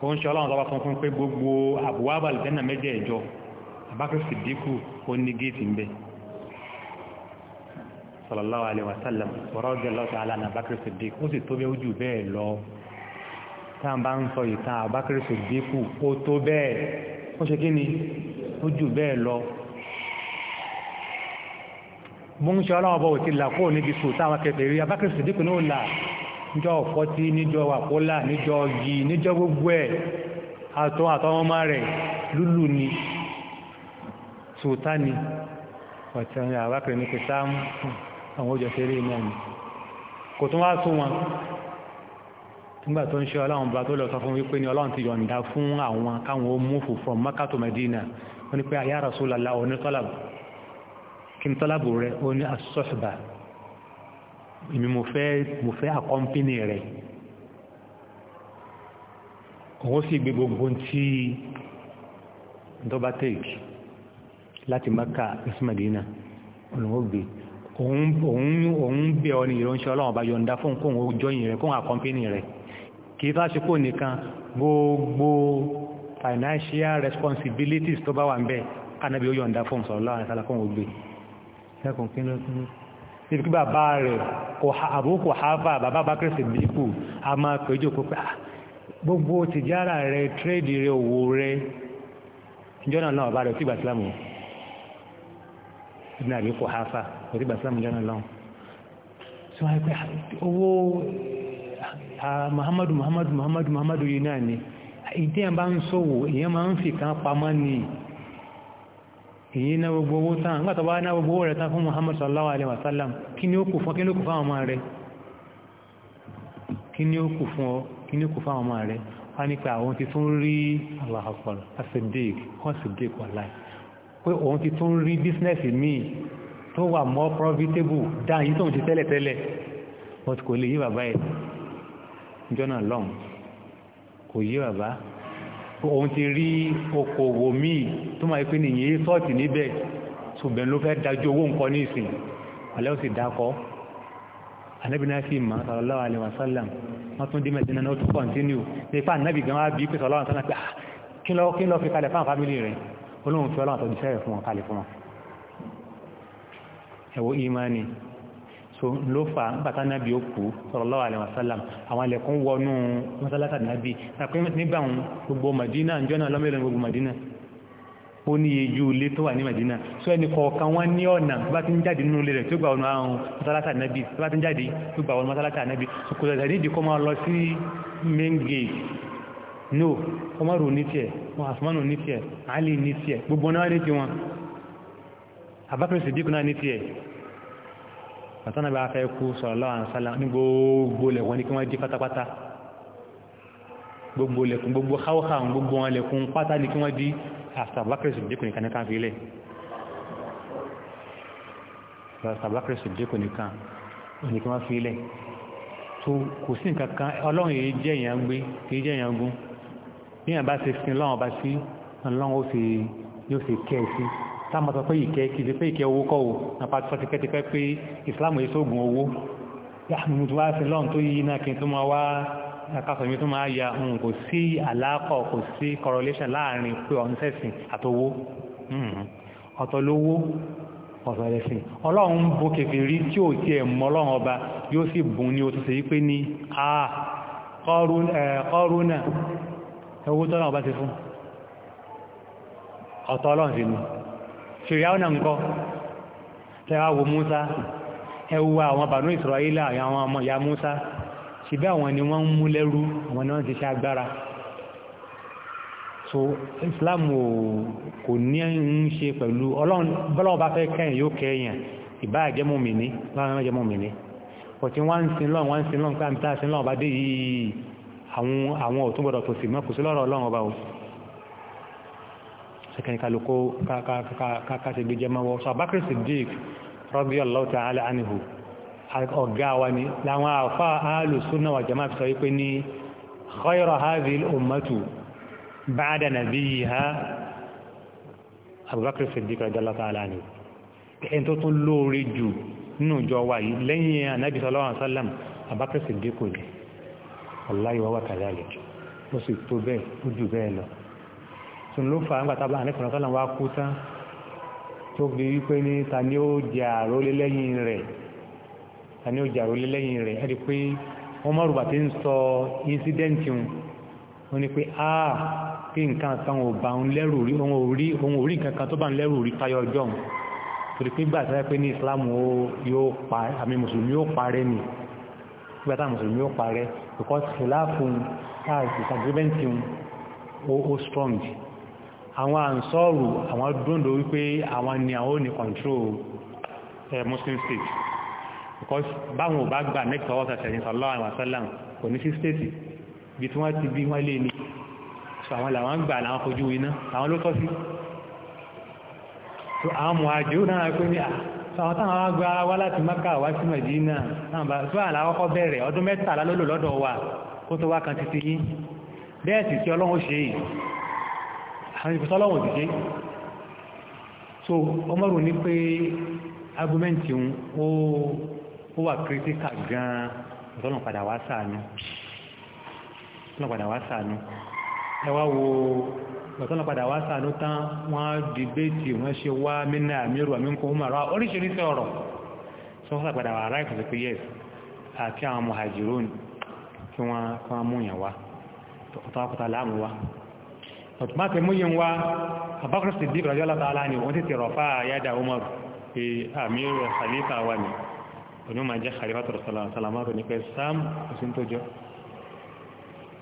kò ń ṣe ọlọ́run tọ́bá fún fún pé gbogbo àbúwábà lìtẹ́nà mẹ́jẹ ìjọ àbákẹ́sì dínkù ó ní géètì ń bẹ sallallahu alaihi wasallam ọ̀rọ̀ jẹ́lọ́ta alánà àbákẹ́sì dínkù ó sì tó bẹ́ẹ̀ ojú bẹ́ẹ̀ lọ táà bá ń sọ ìtàn àbákẹ́sì dínkù ó tó bẹ́ẹ̀ ó ṣe kíni ojú bẹ́ẹ̀ lọ bó ń ṣe níjọ́ ọ̀fọ́tí níjọ́ àpólà níjọ́ ọ̀gì níjọ́ gbogbo ẹ̀ àtọ́ àtọ́wọ́n máa rẹ̀ lúlù ni sòtá ni ọ̀tẹ̀rin àwákẹ̀rẹ̀ ní pẹ̀sá àwọn òjò ṣeré iná ni kò tún wá sún wọn nígbà tó ń ṣe ọlọ́run bá tó lọ sọ fún wípé ni ọlọ́run ti yọ̀ǹda fún àwọn káwọn ó múfù from Makkah to Medina wọ́n ní pé ya Rasulullah onítọ́làbù kí n tọ́làbù rẹ̀ ó ní asọ́ṣùbà èmi mo fẹ́ mo fẹ́ àkọ́mpínì rẹ̀ òun sì gbé gbogbo tí dọ́bá tèkì láti maka ismailina olùwọ́gbé òun bẹ̀ ọ ní ìránṣẹ́ ọlọ́wọ̀n bá yọ̀nda fún kóhun ojọ́yìn rẹ̀ kóhun àkọ́mpínì rẹ̀ kì í fásikò nìkan gbogbo financial responsibilities tó bá wà ń bẹ anábí ó yọ̀nda fún sọ̀rọ̀ láwọn ìsálà kóhun ogbé ẹkùn kí ló tún níbi kí bàbá rẹ̀ àbúkù harvard bàbá bá kìrìsì nípò a máa pèjò pípẹ́ ah, gbogbo tìjára rẹ̀ tírèdì rẹ̀ òwò rẹ̀ jọ́nà náà bàbá rẹ̀ tígbà sílámù ìdínà àbíkù harvard tígbà sílámù jọ́nà náà tí wọ́n pẹ́ ah, owó ah, muhammadu muhammadu muhammadu muhammadu yìí náà ni ìdí ẹ̀ bá ń sọ̀wọ̀ èèyàn máa ń fi kan pamọ́ ni èyí na, gbogbo owó tán nígbàtà na ná gbogbo owó rẹ̀ tán fún Muhammad sallallahu alaihi wasallam kí ni ó kù fún kí ni ó kù fún àwọn ọmọ rẹ̀ kí ni ó kù fún ọ kí ni ó kù fún àwọn ọmọ rẹ̀ wá ní pé àwọn ti tún rí aláhàpọ̀lọ̀ asidik láì profitable dáa yìí tóun ti tẹ́lẹ̀ tẹ́lẹ̀ but kò lè yí long kò yí bàbá òun ti rí okòwò míì tó máa pé nìyí sọ́ọ̀tì níbẹ̀ ṣùgbọ́n ló fẹ́ dájú owó nǹkan ní ìsìn alẹ́ ò sì dákọ́ anábìnrin sì mọ́ sallallahu alaihi wasallam wọ́n tún dé mẹ́sìn náà ó tún kọ́ntínú nípa anábì gan wá bí pé sallallahu alaihi wasallam pé ah, kí lọ kí lọ fi kalẹ̀ fáwọn fámìlì rẹ̀ olóhùn fi ọlọ́run àtọ́jú sẹ́rẹ̀ so ló fa bàtà náàbí ó kú sallallahu alaihi wasallam àwọn ilẹ̀kùn wọnú mọ́sálásà náàbí àpẹẹmẹ́sì nígbà wọn gbogbo Madina ń jọ́nà lọ́mẹ́rin gbogbo Madina ó ní iyejú ilé tó wà ní Madina so ẹni kọ̀ọ̀kan wọ́n ní ọ̀nà tó bá ti ń jáde nínú ilé rẹ̀ tó gba ọ̀nà àwọn mọ́sálásà náàbí tó bá ti ń jáde tó gba ọ̀nà mọ́sálásà náàbí so kò tẹ̀sẹ̀ nídìí kọ́ máa lọ sí main gate no Umaru ní tiẹ̀ wọn Usmanu ní tiẹ̀ Ali ní tiẹ̀ gbogbo náà ní tiwọn Abubakar Siddiq àtànàbí afẹ́ kú sallallahu alaihi wasallam ní gbogbo lẹ̀kùn ní kí wọ́n jí pátápátá gbogbo lẹ̀kùn gbogbo háwọ́há gbogbo wọn lẹ̀kùn pátá ní kí wọ́n jí àsàbákìrì sùdíkù nìkan nìkan fi ilẹ̀ àsàbákìrì sùdíkù nìkan ní kí wọ́n fi ilẹ̀ tó kò sí nǹkan kan ọlọ́run yìí jẹ́ èèyàn gbé kìí jẹ́ èèyàn gún bí èèyàn bá ṣe sin lọ́wọ́ bá sí ọlọ́run yóò fi kẹ́ sí táàmà sọ pé ìkẹ́ kìí pé ìkẹ́ owó kọ́ o nàpá sọ tipẹ́tipẹ́ pé ìsìláàmù yìí sóògùn owó láàmù tó wá sí náà kí n mi tó ya ohun kò sí correlation láàrin pé ọ̀nsẹ̀sìn àtowó hmm. ọ̀tọ̀ lówó ọ̀tọ̀ ẹ̀sìn ọlọ́run bó kèfèrí tí ò tiẹ̀ mọ ọlọ́run ọba a kọ́rúnà owó tọ́lọ́run ọba ti fún ọ̀tọ̀ ọlọ́run fìrìáwọ̀nà ńkọ́ tẹ́wà wo Musa ẹwà àwọn bànú Israẹla àwọn ọmọ ìyá Musa ṣìbẹ́ àwọn ni wọ́n ń mú lẹ́rú àwọn ni wọ́n ti ṣe agbára so Islam kò ní ń ṣe pẹ̀lú ọlọ́ọ̀bá fẹ́ kẹ́yìn yóò kẹ́yìn ìbá àjẹmọ́mìní láwọn àjẹmọ́mìní pọ̀tí wọ́n ń sin lọ́n wọ́n ń sin lọ́n pé àmì tá a sin lọ́n ọba dé yìí àwọn òtún gbọ́dọ̀ tòsí mọ́kùsí ẹkẹnikálukó kásẹgbẹjẹmọ́wọ́ so Abubakar Siddiq radiyallahu ta'ala anhu ọ̀gá wa ni láwọn àfá àálù súnà wà jama'a fi sọ wípé ní khayra hadhihi ummatu ba'da nabiyyiha Abubakar Siddiq radiyallahu ta'ala anhu ẹni tó tún lóore jù nínú ìjọ wa yìí lẹ́yìn Ànábì sallallahu alaihi wasallam Abubakar Siddiq ni wallahi wa huwa kadhalik ó sùn ló fà á nígbàtà báyìí nìkan sọ́nà wá kú tán tó fi wípé ní ta ni ó jẹ àrólé lẹ́yìn rẹ̀ ta ni ó jẹ àrólé lẹ́yìn rẹ̀ ẹ́ di pé wọ́n mọ̀ rúbà tí ń sọ incident wọn wọ́n ní pé a kí nǹkan kan ò bá ń lẹ́rù rí ohun orí ohun orí nǹkan kan tó bá ń lẹ́rù rí tayọ ọjọ́ òun torí pé gbà sẹ́yẹ́ pé ní Islam yóò pa àmì mùsùlùmí yóò parẹ́ ni gbà tá mùsùlùmí yóò parẹ́ because khilafun as disagreement wọn ó strong àwọn àǹsọ́ọ̀rù àwọn dúndò wípé àwọn ni àwọn ò ní control eh, muslim state because báwọn ò bá gbà mẹ́ta ọwọ́ tàṣẹ̀ ní sallallahu alaihi wasallam kò ní sí state bí tí wọ́n ti bí wọ́n lé ní so àwọn làwọn gbà láwọn fojú iná àwọn ló tọ́ sí so àwọn mọ̀ àjò náà pé ní àwọn táwọn wá gba wá láti Mákà wá sí Mẹ̀dínà tó àlàkọ́kọ́ bẹ̀rẹ̀ ọdún mẹ́tàlá lólò lọ́dọ̀ wa kó tó wá kan títí yín bẹ́ẹ̀ sì sí Ọlọ́run ó ṣe yìí àwọn ìfẹ́sọ́lọ́wọ̀n ti ṣe so ọmọrù ní pé agumenti ń ó wà kírítíkà gan ọ̀tọ́nà padà wá sàánú ẹwà wo ọ̀tọ́nà padà wá sàánú tán wọ́n dìbẹ́tì wọ́n ṣe wá mínà àmírù àmínkù umaru oríṣiríṣi ọ̀rọ̀ sọ́fọ́sà padà wà ráìkù sí pé yes àti àwọn mọ̀hajirun kí wọ́n múyàn wá ọ̀tọ́ ọ̀tùmá ti mú yín wá Abubakar Siddiq radiyallahu ta'ala ni wọ́n ti ti rọ̀fà yádà Umar pé àmì rẹ̀ khalifa wa ni òní ma jẹ́ khalifa tó rọ̀sọ̀lá sàlámà tó ní sam òsín tó jọ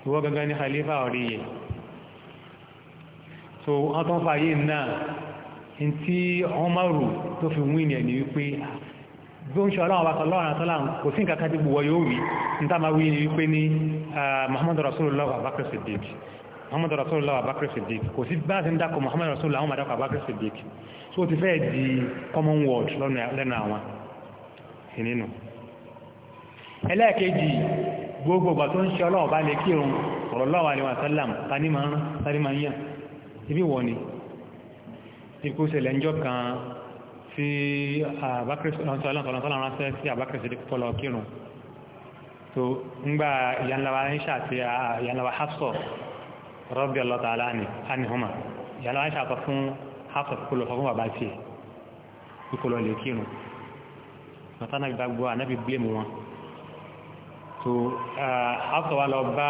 ìwọ́ gangan ní khalifa ọ̀rí yẹ so wọ́n tó ń fa yìí náà in tí Umaru tó fi wíni ẹ̀ ní wípé ah, bí ó ń ṣe ọlọ́run wa sọlọ́run àtọ́lá kò sí nǹkan kan tí gbogbo yóò wí ní tá ah, Muhammadu Rasulullah Abubakar Siddiq muhammadu rasulullah abakar siddiq kò sí bá ti ń dákọ̀ muhammadu rasulullah àwọn àdákọ̀ abakar siddiq so ti fẹ́ di common word lẹ́nu àwọn ìnínú ẹlẹ́ẹ̀kejì gbogbogbà tó ń ṣe ọlọ́ọ̀bá lè kírun sallallahu alaihi wasallam tani ma ń yàn ibi wọ̀ ni ikú ṣẹlẹ̀ ńjọ́ kan tí àbákẹ́sẹ̀ sí àbákẹ́sẹ̀ pọ̀lọ̀ kírun so ń gba ìyànlọ́wà ń ṣàtì ìyànlọ́wà hapsọ̀ rọ́bì ọlọ́ta aláàni anìhùnmá ìyàlọ́ àṣà kọ fún hapsọ̀f kó lọ fọ́ fún bàbá tí ẹ̀ kíkó lọ lè kírun mọ̀tánà gbàgbọ́ ànábì blame wọn so uh, hapsọ̀ wa lọ bá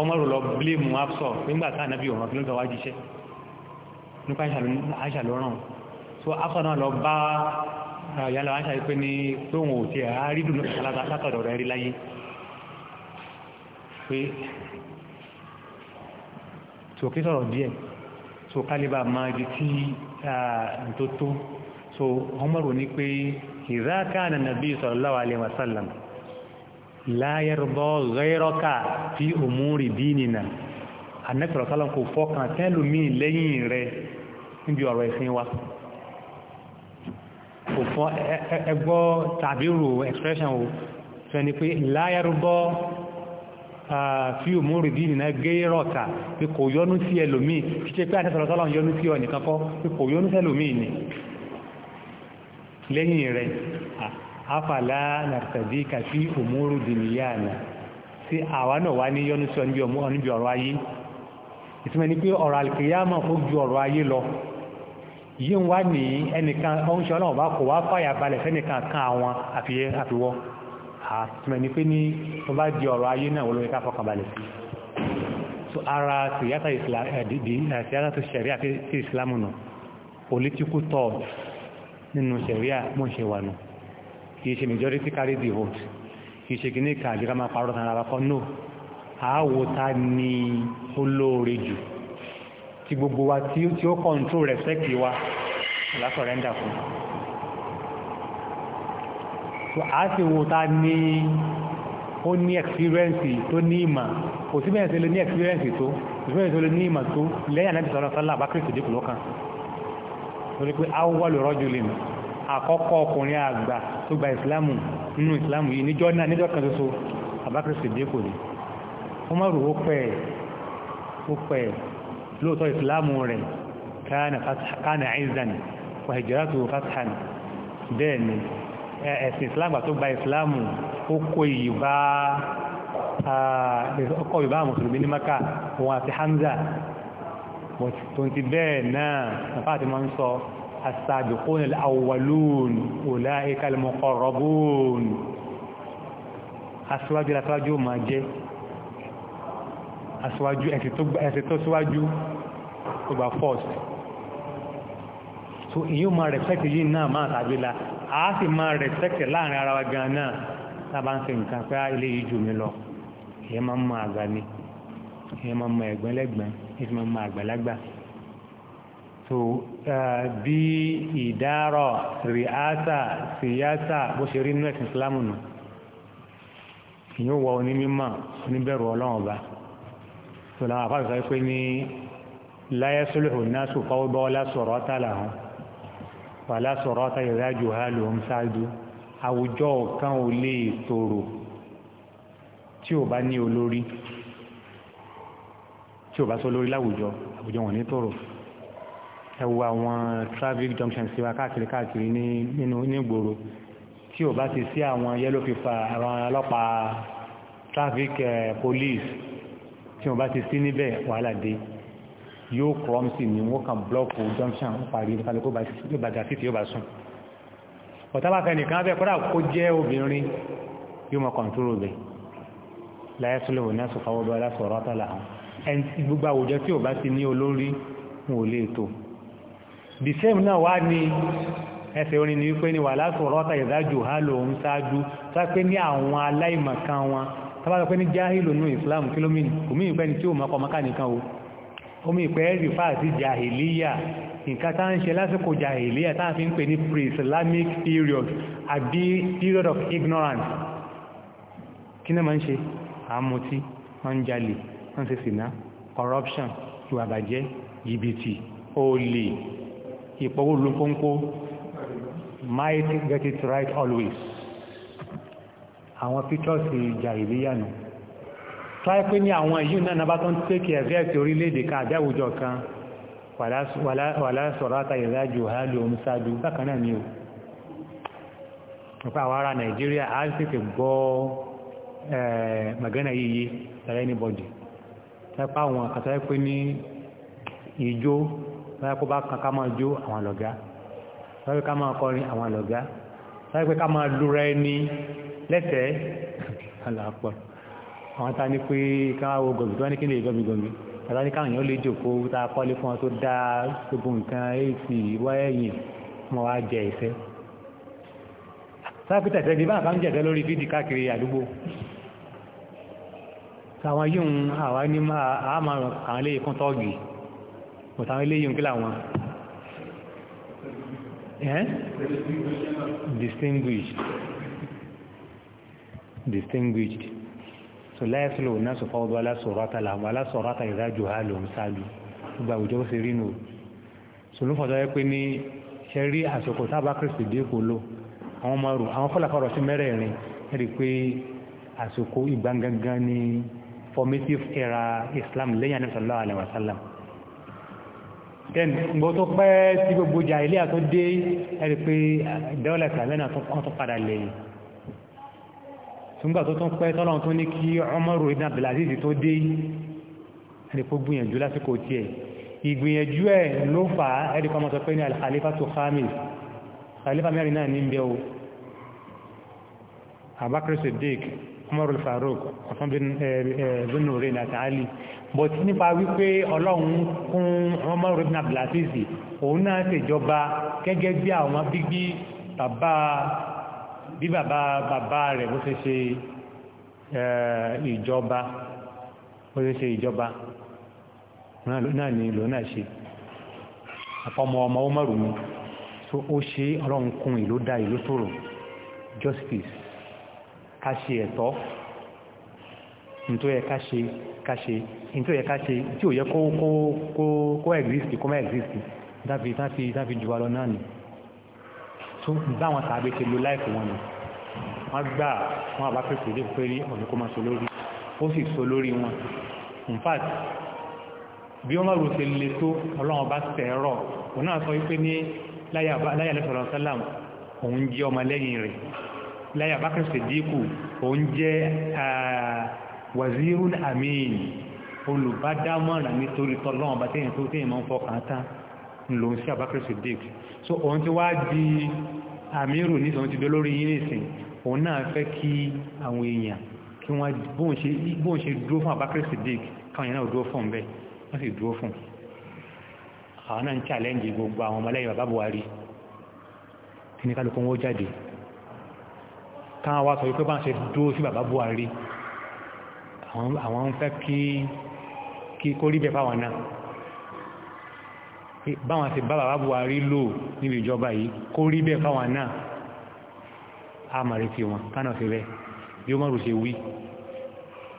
ọmọrù lọ blame hapsọ̀ nígbà tá ànábì ọ̀rọ̀ kí ló gbà wá jíṣẹ́ so hapsọ̀ náà lọ bá uh, ìyàlọ́ àṣà yìí pé ní tóun ò tiẹ̀ á rí so kí sọ̀rọ̀ díẹ̀ so kálíbà máa di tí tó tó so Umaru ní pé idha kana nàbí sallallahu alaihi wasallam la yarda ghayraka fi umuri dinina anẹ́sọ̀rọ̀ sálọ́n kò fọ́kàn tẹ́lùmí lẹ́yìn rẹ̀ níbi ọ̀rọ̀ ìsìn wa kò fọ́ ẹgbọ́ tàbí rò expression o fẹ́ni pé la fi òmúrì dínì náà gẹ́rọ̀ta pé kò yọnú sí ẹlòmíì kí ṣe pé àtẹ́sọ̀rọ̀sọ́lọ́ yọnú sí ọ nìkan pé kò yọnú sẹ́lòmíì ni lẹ́yìn rẹ̀ afàlá nàìjíríkà fi òmúrì dínì yáàna sí àwa náà wá ní yọnú sí ọ níbi ọ̀rọ̀ ayé ìtumẹ̀ ni pé ọ̀rọ̀ alìkìyàmọ̀ ó ju ọ̀rọ̀ ayé lọ yíò wá ní ẹnìkan ọ́nṣọ́lọ́wọ́ bá kò wá fàyà balẹ̀ fẹ́nìkan kan àwọn àfiwọ́ àtìmẹ̀ ní pé ní tó bá di ọ̀rọ̀ ayé náà wọ́n lórí ká fọkànbalẹ̀ sí so ara tìyátà tìyátà eh, eh, tó ṣẹ̀ríà tí ìsìlámù nù political thought nínú ṣẹ̀ríà mọ́ ṣe wà nù kìí ṣe majority carry the vote kìí ṣe gíní kan àdíkà máa parọ́ tàn ara kan no àáwò ta ni olóore jù ti gbogbo wa tí ó control respect wa lásọ̀rẹ́ndà fún un àásìwò ta ní ó ní ẹ̀kspíríẹ́nsì tó ní ìmọ̀ kò sí bẹ́ẹ̀ tẹ́lẹ̀ ní ẹ̀kspíríẹ́nsì tó kò sí bẹ́ẹ̀ tẹ́lẹ̀ ní ìmọ̀ tó lẹ́yìn anábì sọ̀rọ̀ sọ́lá bá kírísì dínkù lọ́kàn torí pé awọ́lù rọ́jò lè àkọ́kọ́ ọkùnrin àgbà tó gba ìsìlámù nínú ìsìlámù yìí níjọ́ náà níjọ́ kan ṣoṣo àbákírísì dínkù ni wọ́n má rò ó pẹ́ ó pẹ́ lóòótọ́ ìsìlámù rẹ̀ kánà ẹ̀zán wàhìjìrátù fásitì bẹ́ẹ̀ ni ẹ̀sìn islam gbà tó gba islam ó kó iyì bá ọkọ̀ yorùbá mùsùlùmí ní maka wọn àti hamza tó ti bẹ́ẹ̀ náà nàfà àti mọ́ ń sọ as-sabiqun awwalun ulaika al-muqarrabun aṣíwájú aṣíwájú jẹ́ aṣíwájú ẹ̀sìn tó síwájú tó gba so ìyún máa respect yìí náà máa tàbí la a sì máa respect láàrin ara wa gan náà tábà ń ṣe nǹkan pé ilé ah, yìí jù mí lọ ìyẹn máa ń mọ àgbà ni ìyẹn máa ń mọ ẹ̀gbọ́n lẹ́gbọ́n ìyẹn máa ń mọ àgbàlagbà so eh, bí ìdárọ̀ rìásà síyásà bó ṣe rí nínú ẹ̀sìn Islam nù ìyẹn wọ onímọ̀ oníbẹ̀rù ọlọ́run ọba so làwọn àfáàfẹ́ pé ní láyé sólùhùn náà sùn fọwọ́ bọ́ọ́lá sọ̀rọ̀ ọ́tà làwọn fàlà sọ̀rọ̀ àtàyẹ̀dájú ha ló ń ṣáájú àwùjọ kan ò lè tòrò tí ò bá ní olórí tí ò bá sọ lórí láwùjọ àwùjọ wọn ní tòrò ẹ wo àwọn traffic junction sí wa káàkiri káàkiri nínú nígboro tí ò bá ti sí àwọn yellow paper àwọn ọlọ́pàá traffic eh, police tí ò bá ti sí níbẹ̀ wàhálà dé yóò kọ́ọ̀mùsì ni wọ́n kàn blọ́ọ̀kù junction ń parí nípalẹ́kó bá jà sí tí ó bá sùn ọ̀tábàfẹ́ nìkan bẹ́ẹ̀ kọ́dà kó jẹ́ obìnrin yóò mọ kọ̀ǹtúrò bẹ̀ láyé sọ́lẹ̀ òní àsọ̀fáwọ́dọ́ aláṣọ̀rọ̀ àtàlà hàn ẹni gbogbo àwùjọ tí ò bá ti ní olórí wọn ni wípé ni wà lásọ̀rọ̀ ọ̀tà ìdájò ha lòun ṣáájú sápé ní àwọn aláìmọ̀kan wọn tábàtọ̀ pé ní jáhìlò nù ìsìláàmù kìlómìnì kò mí ìpẹ́ni tí ò mọ́kọ̀ mọ́kà nìkan omi ìpẹ́ rìfà sí jahiliya nǹkan tá ń ṣe lásìkò jahiliya tá fi ń pè ní pre-islamic period àbí period of ignorance kí náà máa ń ṣe àmútí wọ́n ń jalè wọ́n ṣe sìná corruption ìwàbàjẹ́ jìbìtì olè ìpọ̀wó lópónpó might get it right always àwọn pictures jahiliya nù no tọ́yẹ pé ní àwọn èyí náà náà bá tó ń tẹ́kì ẹ̀fẹ́ ti orílẹ̀-èdè kan àjáwùjọ kan wàlá sọ̀rọ̀ àtàyẹ̀dájú àálù omi sáájú bákan ni o nípa àwọn ará nàìjíríà á sì ti gbọ́ magana yìí lára ẹni bọ́dì tọ́yẹ pé àwọn àkàtọ́yẹ pé ní ìjó tọ́yẹ pé bá kan ká máa jó àwọn lọ́gá tọ́yẹ pé ká àwọn tá ní pé káwá wo gọ̀mí tó ní kí ni gọ̀mí gọ̀mí tàbí ní káwọn èèyàn lè jòkóó tá a kọ́lé fún wọn tó dá gbogbo nǹkan èsì wáyẹ̀yìn wọn wá jẹ ìfẹ́ sáàpítà ìfẹ́ bí bá àbá ń jẹ̀fẹ́ lórí fídì káàkiri àdúgbò àwọn yíò ń àwá ní àmàrùn àwọn ilé ikún tọ́ọ̀gì mọ̀ tàwọn ilé kí láwọn distinguished distinguished لا láyé الناس náà sọ fáwọn aláṣọ̀rọ̀ àtàlà àwọn aláṣọ̀rọ̀ àtàlà ìdájò ha lòún sáájú gbogbo àwùjọ ó ṣe rí nù so ló fọdọ́ yẹ pé ní ṣe rí àsìkò tábà kristi dé kò lò àwọn ọmọ rò àwọn kọlàkọrọ sí mẹ́rẹ̀ẹ̀rin ẹ rí i pé àsìkò ìgbàngangan ní formative era Islam lẹ́yìn ànábì sallallahu alaihi then gbọ́ tó pẹ́ sí gbogbo jà ilé àtúndé ẹ rí i pé dẹ́wọ́lẹ̀ sàlẹ́ náà tó padà lẹ́yìn túnbà tó tún pẹ́ tọ́lọ́n tó ní kí Umaru ibn Abdulaziz tó dé ẹ̀dẹ̀kọ́ gbìyànjú lásìkò tí ẹ̀ ìgbìyànjú ẹ̀ ló fà á ẹ̀dẹ̀kọ́ ọmọ sọ pé ní al-khalifa tó khamis khalifa mẹ́rin náà ní bẹ́ o Abakar Siddiq Umar al-Faruq ọ̀fọ́n bin eh, eh, Nurin àti Ali but nípa wípé ọlọ́run kún Umaru ibn Abdulaziz òun bí bàbá bàbá rẹ̀ bó ṣe ṣe ìjọba bó ṣe ṣe ìjọba náà ni ìlú náà ṣe àfọmọ ọmọ ó mọ̀rùn mi so ó ṣe ọlọ́run kún ìlú dá ìlú tòrò justice ká ṣe ẹ̀tọ́ nítorí ká ṣe ká ṣe nítorí ká ṣe tí ò yẹ kó kó kó exist kó má exist dáfi dáfi dáfi jù wá lọ náà nìyí tó báwọn tàbí ṣe lo láìpù wọn ni wọ́n gbà wọ́n àbá pẹ̀pẹ̀ lè pé rí ọ̀nà kó máa so lórí ó sì so lórí wọn in fact bí wọ́n rò ṣe le tó ọlọ́run bá tẹ̀rọ òun náà sọ wípé ní láyà lẹ́sọ̀rọ̀ sálàm òun jẹ́ ọmọ lẹ́yìn rẹ̀ láyà bá kẹsẹ̀ dínkù òun jẹ́ wazirun amin olùbádámọ̀ràn nítorí tọ́lọ́run bá tẹ̀yìn tó tẹ̀yìn mọ́ fọkàn tán ló ń sí Abubakar Siddiq so òun ti wá di àmírù ní ìsọ̀n ti dó lórí yìí nìsìn òun náà fẹ́ kí àwọn èèyàn kí wọ́n bóun ṣe dúró fún Abubakar Siddiq káwọn èèyàn náà dúró fún bẹ́ẹ̀ wọ́n sì dúró fún àwọn náà ń challenge gbogbo àwọn ọmọlẹ́yìn bàbá kí kó rí bẹ́ẹ̀ fáwọn náà báwọn àti bá bàbá buhari lò níbi ìjọba yìí kó rí bẹ́ẹ̀ fáwọn náà a màrí fi wọn kánà fi rẹ bí ó mọ̀rù ṣe wí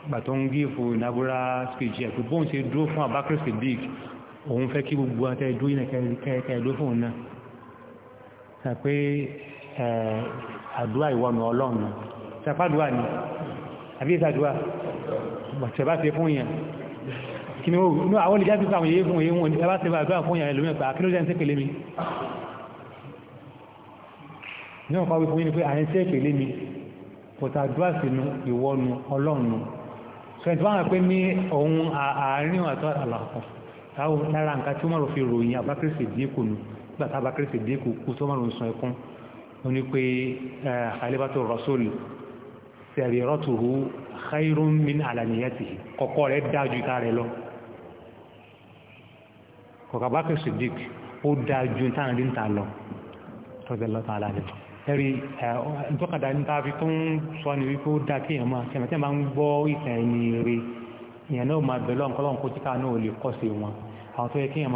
gbà tó ń gé fún inaugural speech ẹ̀ pé bóun ṣe dúró fún Abubakar Siddiq òun fẹ́ kí gbogbo àtẹ́ dúró yìí kẹ́ẹ̀kẹ́ dúró fún òun náà sọ pé àdúrà ìwọ̀nù ọlọ́run sọ pé àdúrà ni àbí ìsàdúrà bàtẹ̀ bá ṣe fún yẹn kìnnì ó inú àwọn olùjá sí fáwọn yééfún èyí wọn ẹ bá ṣe àdúrà fún ìyàrá lómi ẹ̀pà kílódé ń sẹ́kẹ̀lé mi ní ọ̀pá wípé yín ni pé à ń sẹ́kẹ̀lé mi pọ̀tà àdúrà sínú ìwọ́nu ọlọ́run fẹ̀tí wọn pé ní ohun àárín àtọ́ àlàkọ̀ táwọn lára nǹkan tí wọ́n rò fi ròyìn abákẹ́sì díẹ̀kù nù nígbà tá abákẹ́sì díẹ̀kù kú tó rọ́tùrú khairun min alaniyatihi kọ̀kọ́ rẹ̀ dájú ìta rẹ̀ lọ Abubakar Siddiq ó dáa ju táwọn dín ta lọ tọ́jọ́ lọ́ta aláàrẹ ẹ̀rí ìtọ́kadà ní tàbí tó ń sọ ní wípé ó dá kí èèyàn máa kẹ́mẹ̀ tí a máa ń gbọ́ ìtàn ẹni rí ìyẹn náà máa bẹ̀lọ́ ọ̀nkọ́lọ́n kó tíkà náà lè kọ́ sí wọn àwọn tó yẹ kí èèyàn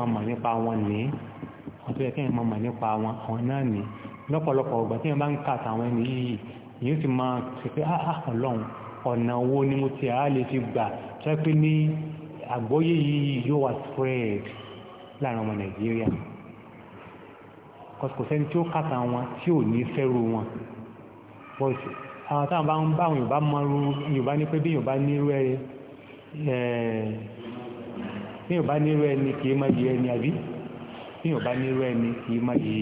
ni mo ti àá lè fi yìí yóò wà spread láàrin ọmọ nàìjíríà kò sẹ́ni tí ó kàtà wọn tí ò ní fẹ́rù wọn bọ́ọ̀sì àwọn táwọn bá ń bá àwọn yorùbá mọ́rú yorùbá ní pé bí yorùbá nírú ẹ eh, bí yorùbá nírú ẹni kì í má yẹ ẹni àbí bí yorùbá nírú ẹni kì í má yẹ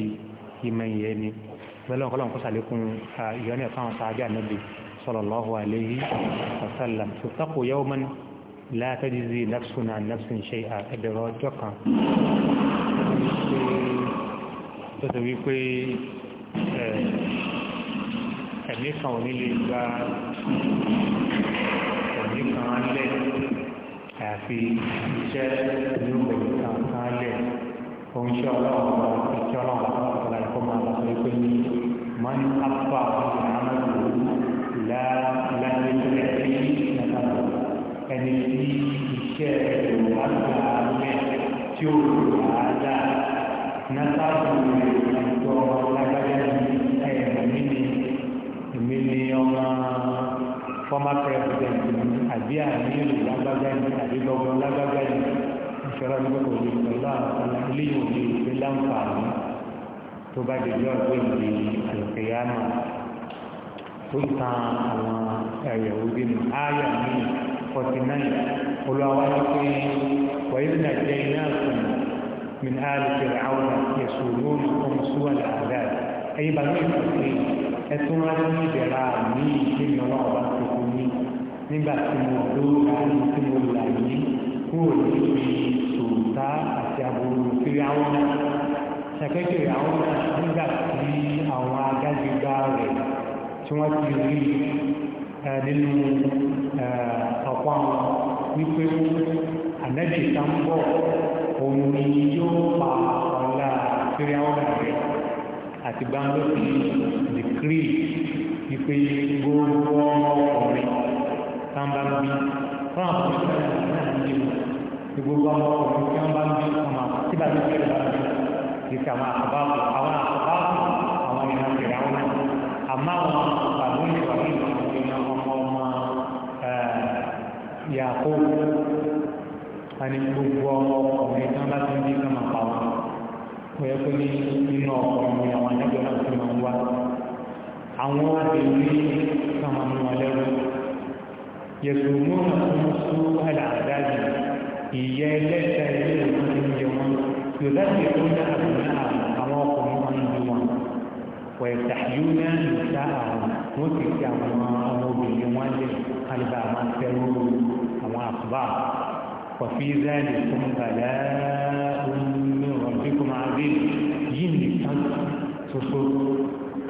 kì í má ẹni bẹ́ẹ̀ lọ́nkọ́ lọ́nkọ́ sàlékún ah, ìyọ́nì ẹ̀fọ́ sáájú ànábì sallallahu alayhi wa sallam tó tako látẹ́dìzí nafsuna nafsun ṣe àkẹ́bẹ̀rẹ̀ ọjọ́ kan tó tó wípé ẹ̀mí kan ò nílé gba ẹ̀mí kan lẹ̀ àfi iṣẹ́ ìlúgbò kan kan lẹ̀ ohun ṣe ọlọ́run ìṣẹ́ ọlọ́run ọ̀pọ̀lọpọ̀ máa lọ ní mọ́ni apá àwọn ẹni tí iṣẹ́ yorùbá gba abẹ́ tí ó yorùbá dá nátàbù ìtọ́ lágbájá ní ẹ̀rọ mi ni èmi ni ọmọ former president àbí àmì lágbájá ní àdébọ́gbọ́n lágbájá ní ìṣọ́ra nígbà tó pẹ̀lú àwọn iléyìn òde ìgbé láǹfààní tó bá dé lọ́ọ̀ pé ìdí àlùkèyàmà tó tan àwọn ẹ̀rọ òde nù áyà míì. 49 olùwàwárí pé wàyí nà jẹ́ iná kùn min áàlù fir'auna yasumuna kum suwa al-azab ẹ̀yìn bá mi kò sí ẹtún wá ní ìbẹ̀rẹ̀ àmì ìdíni ọlọ́run bá ti kú ní nígbà tí mo dúró láàyè tí mo là ní kúrò níbi sòtá àti àbúrò fir'auna ṣàkẹ́kẹ̀rẹ̀ àwọn nígbà tí àwọn agágbégbá rẹ̀ tí wọ́n ti rí nínú ọ̀pọ̀ àwọn wípé ànẹ́bì sáńbọ̀ òun ni yóò pa ọ̀la fíríàwọ̀n rẹ̀ àti gbáńlọ́sì dìkírì wípé gbogbo ọmọkùnrin sáńbà ń bí fún àwọn ọmọ ìgbà náà ń yíwọ gbogbo ọmọkùnrin sáńbà ń bí ọmọ tí bàbá ìgbà náà ń bí kìí àwọn àkàbàbọ̀ àwọn àkàbàbọ̀ àwọn ìlànà fíríàwọ̀n àmọ́ àwọn àkàbàbọ̀ ní ìwà yàkó àní gbogbo ọkùnrin tí wọ́n bá ti ń bí kan máa pa wọn kò yẹ kó ní inú ọkùnrin àwọn ẹgbẹ́ náà ti máa ń wá àwọn obìnrin kan máa mú wọn lẹ́rú yẹ̀sùn mú àwọn oṣù àlàádájì ìyẹ́ ẹlẹ́sẹ̀ ilé ìwọ̀n ti ń jẹ wọn yóò láti ètò ní àbùnà àwọn ọkùnrin wọn ń bí wọn wọ̀ ẹ̀sà yóò ní àyíká àwọn wọn sì ti àwọn ọmọbìnrin wọn lẹ́yìn kálíbà máa ń fẹ́rù àwọn àkùbá kọfí zẹ́ẹ̀lì fún bàlẹ́ omi ọ̀dí kò máa rí yìí nìkan ṣoṣo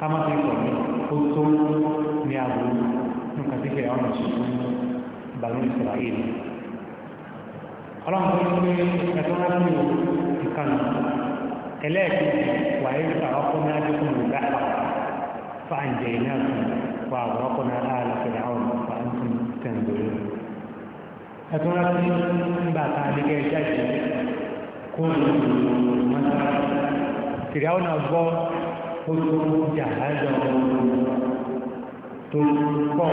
kámọ́tì kọ̀ọ̀mí ó tó ní àbò nǹkan tí kẹ̀yà ọ̀nà ṣoṣo bàlú ìṣẹ̀lá yìí ọlọ́run tó ń gbé ẹ̀tọ́ láti ìkànnì ẹlẹ́ẹ̀kejì wàyé àrọ́kọ́nà adékùnrin dáhà fáǹjẹ̀ ìnáàkùn wà àrọ́kọ́nà ààlẹ́ fẹ̀rẹ̀ àwọn kẹ̀ǹdòrò ẹ̀tún rántí nígbà tá a nígbà ẹja kó lè mọ́tà kìrìàwó náà gbọ́ ó tó jà láìjọ tó pọ̀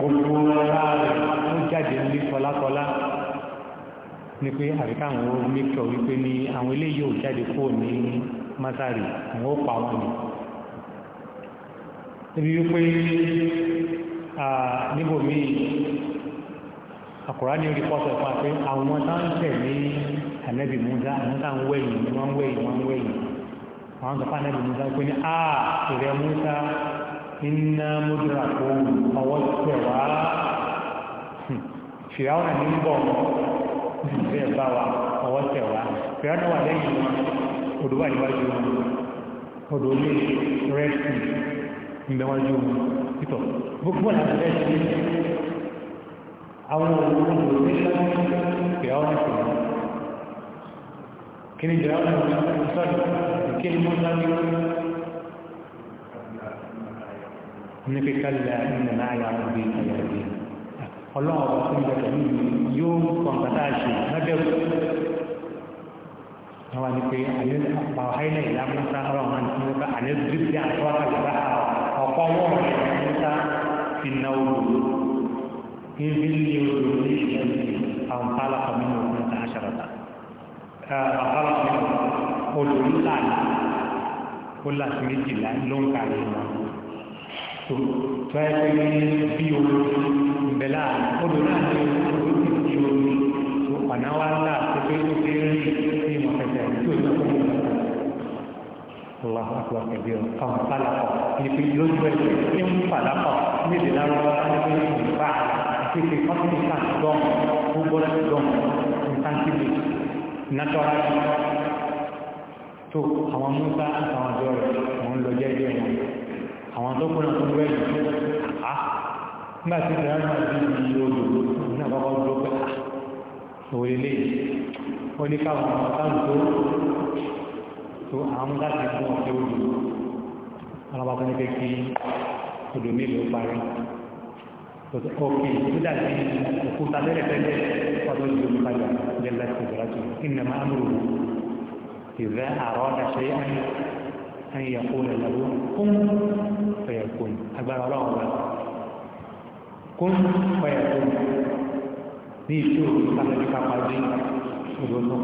gbogbo ọlá rẹ̀ ó jáde ní kọlákọlá pé àríkà àwọn wípé àwọn eléyìí ò jáde ní mátàrí àwọn ó pa wọn ni. níbò míì àkùrá ní orí pọ́sọ̀ fún àpé àwọn ọmọ tá ń tẹ̀ ní ànẹ́bì múdá àwọn tá ń wẹ̀yìn wọ́n ń wẹ̀yìn wọ́n ń wẹ̀yìn àwọn tó fún ànẹ́bì múdá pé ní a ìrẹ́ múdá iná múdúrà kó ọwọ́ tẹ̀ wá fìyàwó ní ń bọ̀ bẹ́ẹ̀ bá wa ọwọ́ tẹ̀ wá fìyàwó náà wà lẹ́yìn odò wà níwájú odò olè rẹ́sì ń bẹ ìtọ̀ gbogbo làwọn ẹgbẹ́ ṣe àwọn olùdókòwò kìí ọ̀rọ̀ ìṣòro kí ni jẹ́ ọ̀rọ̀ ìṣòro kí ni mo sáré ní fi kálẹ̀ ìrìnà láàyà ọ̀gbìn ìyàgbé ọlọ́run ọba fún ìjọba nínú yóò kọ̀ǹkàtà ṣe lọ́dẹ̀kù wọ́n wá ní pé àwọn àìlẹ̀ ìlàmúta ọlọ́run àti ìjọba àlẹ́ ọ̀pọ̀wọ́ níta fi na odò níbi ní odò ní àwọn pálá kọ̀mínú ọdún tá a ṣàrọ̀tà àpálá kọ̀mínú odò ńlá ni ó láti méjìlá ló ń kàrí wọn tó tó ẹ pé bí odò ìbẹ̀lá odò náà ní odò ti di omi tó ọ̀nà wa ńlá tó pé ó ti rí ní ìmọ̀fẹ́fẹ́ tó ìjọba Allahu akbar kabir kan falakọ níbi lójú ẹ ní ń falakọ níbi lárúbá níbi ìfà àtìkè kọ́tùnì kan dọ́m gbogbo dọ́m nǹkan síbi nàtọ́ra tó àwọn múta àtàwọn àjọ rẹ̀ wọ́n lọ jẹ́jẹ́ wọn àwọn tó kúrò tó wẹ́ yìí àá nígbà tí ìrìn àjò àti ìyí odò ní àkọ́kọ́ dúró pẹ́ òwúrẹ́lẹ́ yìí ó ní káwọn àwọn táwọn tó tó àwọn láti fún ọjọ́ òdò alábà tó ní pé kí odò mélòó parí òkè tó dàbí òkúta lẹ́lẹ̀tẹ́lẹ̀ ọdún ìlú padà lẹ́lẹ́ ìgbàlájú ìnà máa ń rò ìrẹ́ àrọ́ àṣẹ أن يقول له كن فيكون أكبر الله كن فيكون ní ìṣòro ìpàdé nípa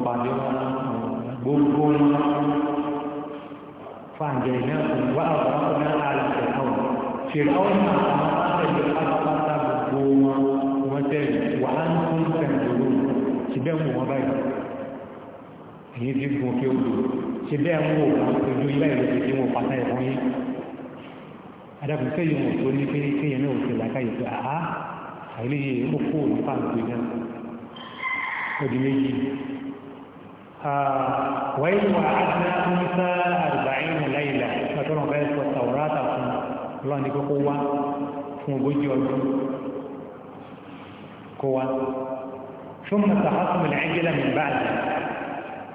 pàdé gbogbo fàǹgẹ̀ẹ́nàkùn wà àwọ̀kùnrin àlàfẹ́ àwọn fìràwọ̀n àwọn àtẹ̀lẹ̀ pátápátá gbogbo wọn wọ́n tẹ̀lẹ̀ wà á ń kún tẹ̀lẹ̀ síbẹ̀ mú wọn báyìí èyí ti gun kí ó dùn síbẹ̀ mú wọn ojú ilé ìlú ti dín wọn pátá ẹ̀fọn yín adàkùn sẹ́yìn wọn tó ní pé kéèyàn náà ò ti làákàyè pé àá àìlèyè ó kó òun fáǹgbé náà ó di méjì وإذ وعدنا موسى أربعين ليلة فترى غير التوراة الله نقول قوة وبجوة قوة ثم تحطم العجلة من بعد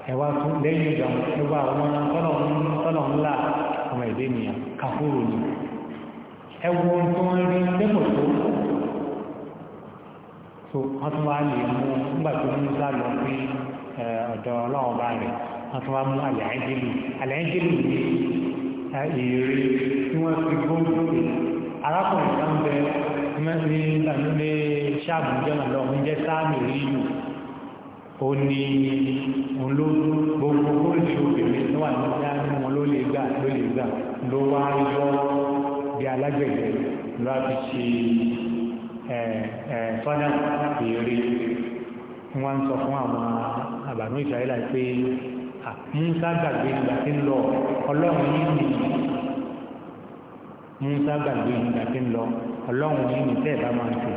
هو لين جم هو ومن قلهم قلهم لا وما يديني كفورني هو انتم الذين تمسوا سو هتوا عليهم بعد من زالوا ọ̀dọ̀ ọlọ́run bá rẹ̀ wọ́n tún wá mú àlẹ́ńgẹ́lì tí wọ́n fi gbóòdù arákùnrin kan bẹ ní ìlànà ṣáàbù jọ́nà lọ oúnjẹ sáàmì ríyù ó ní òun gbogbo obìnrin tó wà ní sáàmì wọn ló lè gbà ló lè gbà ló wá yọ bí fi ṣe sọ fún àwọn àbànú ìsàlẹ̀ pé Musa gbàgbé ìgbà tí ń lọ ọlọ́run yìí nì Musa gbàgbé ìgbà tí ń lọ ọlọ́run yìí nì tẹ́ẹ̀ bá máa ń tẹ̀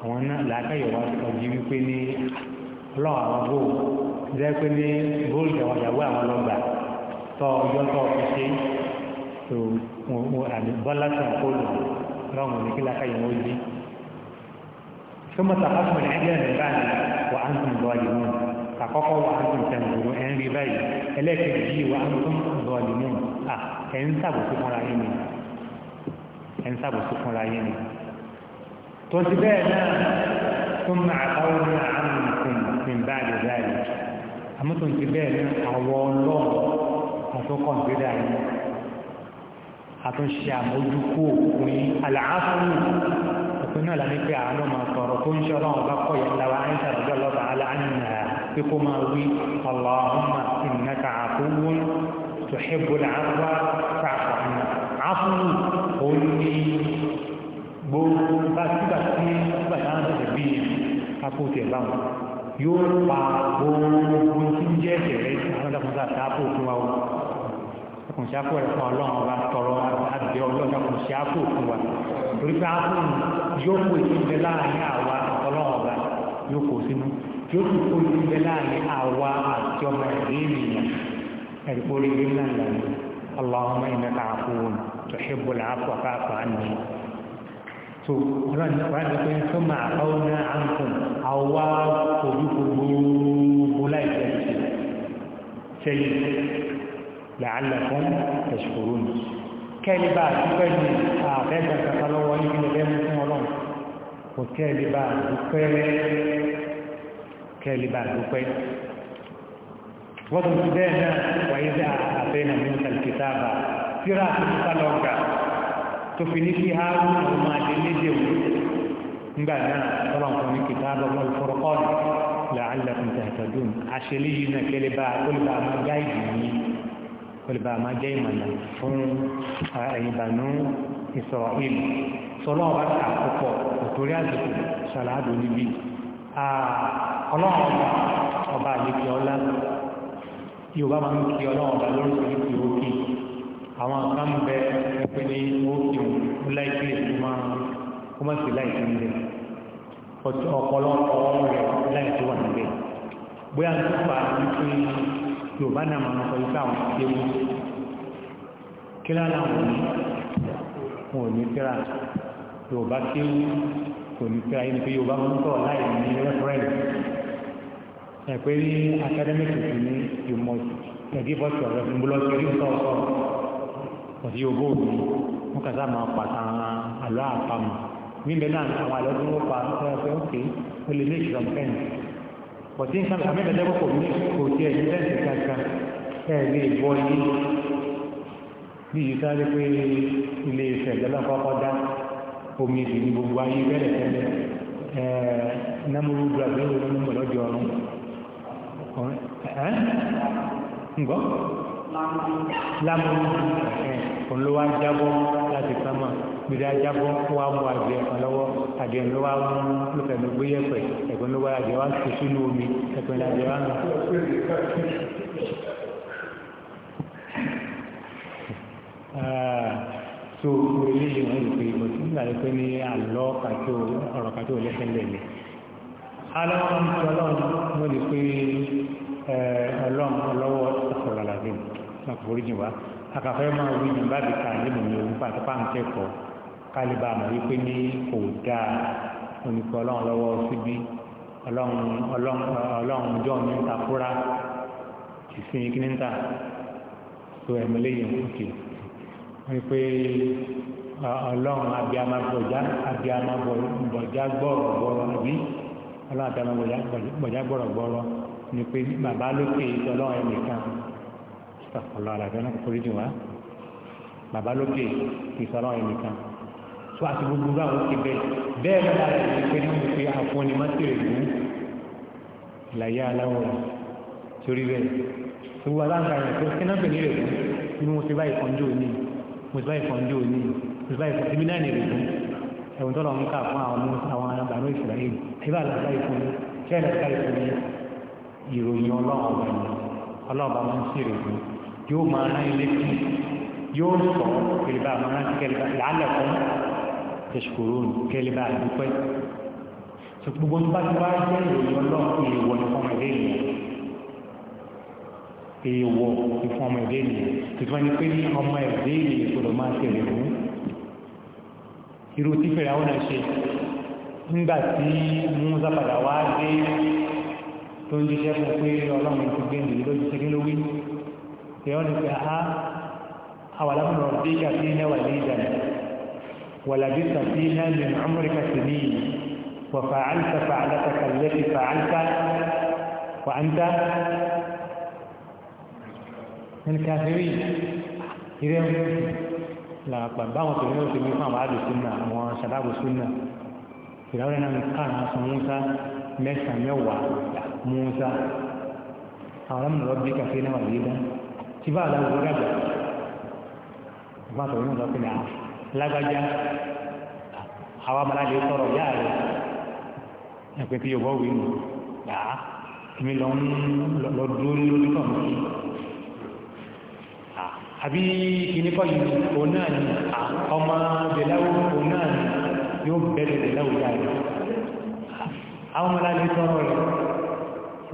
àwọn náà làákàyọ̀ wa sọ̀jì wípé ní ọlọ́run àwọn bò jẹ́ pé ní bóòlù àwọn ìyàwó àwọn lọ́gbà tọ́ ọjọ́ tọ́ fi ṣe tó bọ́lá sàn kó lò ọlọ́run ní kí làákàyọ̀ wọn jí ثم تقسم العجل من بعد وأنتم ظالمون àkọ́kọ́ wà á tún tẹ̀gbòrò ẹ̀ ń rí báyìí ẹlẹ́ẹ̀kejì wà á tún bọ̀ọ̀lì mú à ẹ̀ ń sàbòsí fúnra yín ni ẹ̀ ń sàbòsí fúnra yín ni tó ti bẹ́ẹ̀ náà tó máa báwo ní àárín nìkan nìkan báyìí báyìí ti bẹ́ẹ̀ ní àwọ̀ ọlọ́run àtúnkọ̀ ń ṣe pé kó máa wí Allahumma innaka afuwwun tuhibbul afwa fa'fu anna àfú òun ní gbogbo bá sígbà tí sígbà tí wọ́n tẹ̀sẹ̀ bí kápò tẹ̀ báwọn yóò pa gbogbo tí ń jẹ́ ẹ̀rẹ́ àwọn ọ̀dọ́kùnrin àti àpò fún wa kò sí àpò ẹ̀fọn ọlọ́run ọba tọrọ àbẹ̀ ọlọ́run kò sí àpò fún wa torí pé àpò yóò kó ìtúndẹ láàrin àwa ọlọ́run ọba yóò kó sínú yóò kó ibẹ̀ láàrin àwa àti ọmọ ènìyàn ẹ̀rìkó rí rí náà lẹ́nu Allahumma innaka afuwwun tuhibbul afwa fa'fu anni tó ọlọ́run ní ọ̀rọ̀ àdúgbò yẹn tó máa bá ọ́nà àǹkùn àwa ojú gbogbo láìpẹ́ sí sẹ́yìn la'allakum tashkurun kẹ́lí bá àdúgbò ní àbẹ́gbẹ̀ kàkà lọ́wọ́ yìí lẹ́nu fún ọlọ́run kò kẹ́lí bá àdúgbò kẹ́lẹ́ bá dúpẹ́ wọ́n tún ti bẹ́ẹ̀ náà wáyé bí àbẹ́ náà ní ọ̀sán kìtà bá tíra àti sálọ́gà tó fi ní kí haru ọmọ adé lédè wò nígbà náà tọ́lọ̀ nǹkan ní kìtà bá wọ́n fọ́rọ́ kọ́ọ̀dù làálà fún tàìtàdùn ọlọ́run ọba ọba àlejò ọlá yorùbá máa ń kí ọlọ́run ọba lóríṣiríṣi òkè àwọn kan bẹ ẹgbẹ́ ní òkè òun láìpẹ́ ètò máa kó má sí láìpẹ́ nílẹ̀ ọ̀pọ̀lọpọ̀ rẹ̀ láìpẹ́ wà níbẹ̀ bóyá ń tún fa wípé yorùbá náà máa ń sọ wípé àwọn ti ewu kílá làwọn ní wọn ò ní kíra yorùbá kéwú kò ní kíra yìí ni pé yorùbá máa ń sọ̀rọ̀ láì ní rẹ́fúrẹ́ǹsì ẹ̀pẹ́ ní academic tuntun ní ìmọ̀ ẹ̀dí bọ́sì ọ̀rẹ́ fún búlọ́ọ̀sì orí nǹkan ọ̀sọ̀ ọ̀sí ogó òbí wọn kà sáà máa pàtà àlọ́ àpamọ́ níbẹ̀ náà àwọn àlọ́ tí wọ́n pa ẹ̀fẹ́ òkè ó lè ní ìṣọ̀m fẹ́ǹsì bọ̀tí nǹkan àmẹ́bẹ̀dẹ́ kò ní kò tí ẹ̀ ní fẹ́ǹsì kankan ẹ̀ lè bọ́ yé bí yìí sáré pé ilé Ifẹ̀ ìjọba kọ́kọ́ dá omi ìdí ní gbogbo ayé bẹ́ẹ̀ tẹ́lẹ̀ ẹ̀ẹ́ námúrú ọkùnrin ẹ̀ ǹgọ́ lámú ẹ̀ òun ló wá jábọ́ láti sánmà gbèrè ajábọ́ wá mú adìẹ kan lọ́wọ́ adìẹ ló wá mú ló fẹ̀mí gbé yẹ̀pẹ̀ ẹ̀gbọ́n ló wá adìẹ wá sùn sínú omi ẹ̀gbọ́n ní adìẹ wá nù. Ah, so eléyìí wọ́n rò pé mo ti ń gbà pé ní àlọ́ kàtó ọ̀rọ̀ kàtó lẹ́sẹ̀ lẹ́lẹ̀ aláwọn ọlọ́run mo lè pe ọlọ́run ọlọ́wọ́ ọ̀sọ̀rọ̀làgbé ọkùnrin jù wá akàfẹ́ máa wí ní bá bìkà nínú mi òun pàtó pà ń kẹ́kọ̀ọ́ kálíbà mọ̀ wípé ní kò dáa oníkọ́ ọlọ́run lọ́wọ́ síbí ọlọ́run jọ mi ń takúrá ìsìn kí ní ń ta tó ẹ̀mí lẹ́yìn òkè wípé ọlọ́run abiyamabọ̀já abiyamabọ̀já gbọ́ọ̀rọ̀ gbọ́ọ̀rọ̀ àbí ọlọ́run àtàwọn gbọ̀dá gbọ̀rọ̀gbọ̀rọ̀ ni pé bàbá lókè ọlọ́run ẹnìkan ọlọ́run àtàwọn náà kò rí jù wá bàbá lókè ìsọ̀rọ̀ ẹnìkan tó àti gbogbo bá wọn ti bẹ bẹ́ẹ̀ lọ́la rẹ̀ ti pé ní wípé àfọ́ni má ti rẹ̀ mú ìlàyé aláwọ̀ torí bẹ́ẹ̀ tó wà láǹkà rẹ̀ tó kí náà bẹ̀rẹ̀ rẹ̀ mú ni mo ti bá ìfọ̀njú òní mo ti bá ìfọ̀njú òní mo ti bá ìfọ̀njú òní ẹ̀wọ̀n tó lọ ń fún àwọn àwọn àgbàdo Israel ibà lọ́ka ìfún ṣẹ́ lọ́ka ìfún ní ìròyìn ọlọ́run ọba ni ọlọ́run ọba máa yóò máa rán ilé tí yóò sọ kẹlẹ́bà máa rán kẹlẹ́bà làálẹ̀ fún tẹ̀sùkòrò kẹlẹ́bà àdúpẹ́ tó gbogbo nípa tí ti wá ní pé ọmọ ìdè ènìyàn kò irú tí fèrè àwọn ṣe nígbà tí Mùsá padà wá dé tó ń jíṣẹ́ fún pé ọlọ́run ti gbé ìlú lójú ṣẹ́gẹ́ lówí tẹ̀yọ́ ni pé a àwàlámùnà bí kàfí náwà ní ìdàní wàlàbí kàfí náà ní amúríkà sí ní وفعلت فعلتك التي فعلت وأنت من الكافرين إذا lára pa báwọn tòun náà ṣe mú fún àwọn àdùn súnà àwọn ṣàbábò súnà ìdáwọ́ náà ń kà náà sọ múnsá mẹ́sàn-án mẹ́wàá múnsá àwọn ọmọ ìrọ̀ bí kàfé náà wà lé dá tí bá àdáwọ̀ tó dàgbà ìgbà tòun náà sọ pé náà lágbájá àwọn abaládé sọ̀rọ̀ yáà rẹ̀ ẹ̀pẹ́ tí yóò bọ́ wí nù yàá èmi lọ dúró lórí tọ̀ àbí kìnnìkọ́ yìí òun náà ni ọmọ bẹ̀láwò òun náà ni yóò bẹ̀rẹ̀ bẹ̀láwò jáde àwọn ọmọ láti sọ̀rọ̀ rẹ̀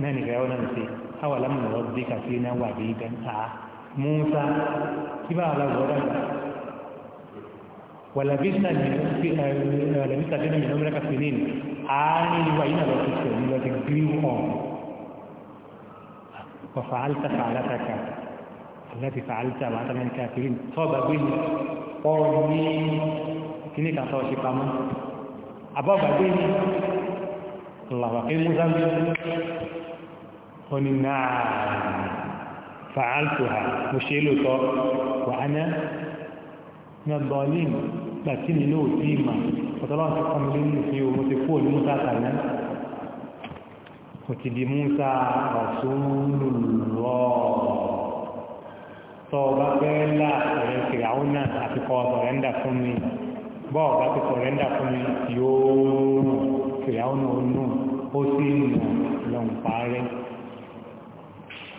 náà ni fẹ́ ọ́nà ṣe àwọn alámùnà wọ́n bí kàfí náà wà bí gan ta Musa kí bá aláwọ̀ dàgbà wàlàbísà dínà mi lọ́mọ́lá kàfí nínú àárín ìwà yìí náà lọ sí sẹ́yìn lọ sí gírí hàn wàfà التي فعلتها وأنت من الكافرين صوب بين قومي كني كان صوب شقاما أبا بين الله وقيم ذنبي قل نعم فعلتها مشيلت وأنا من الظالمين لكن له ديما فطلعت قملين في ومتفول موسى تعلم وتدي موسى رسول الله tọ́ ọba fẹ́ la, ẹ̀rẹ́ kiri àwọn náà àti kọ́ sọ̀rẹ́ndà fún mi bọ́ ọba ti sọ̀rẹ́ndà fún mi yóò kiri àwọn náà nù ó sì nù lọ́n parẹ́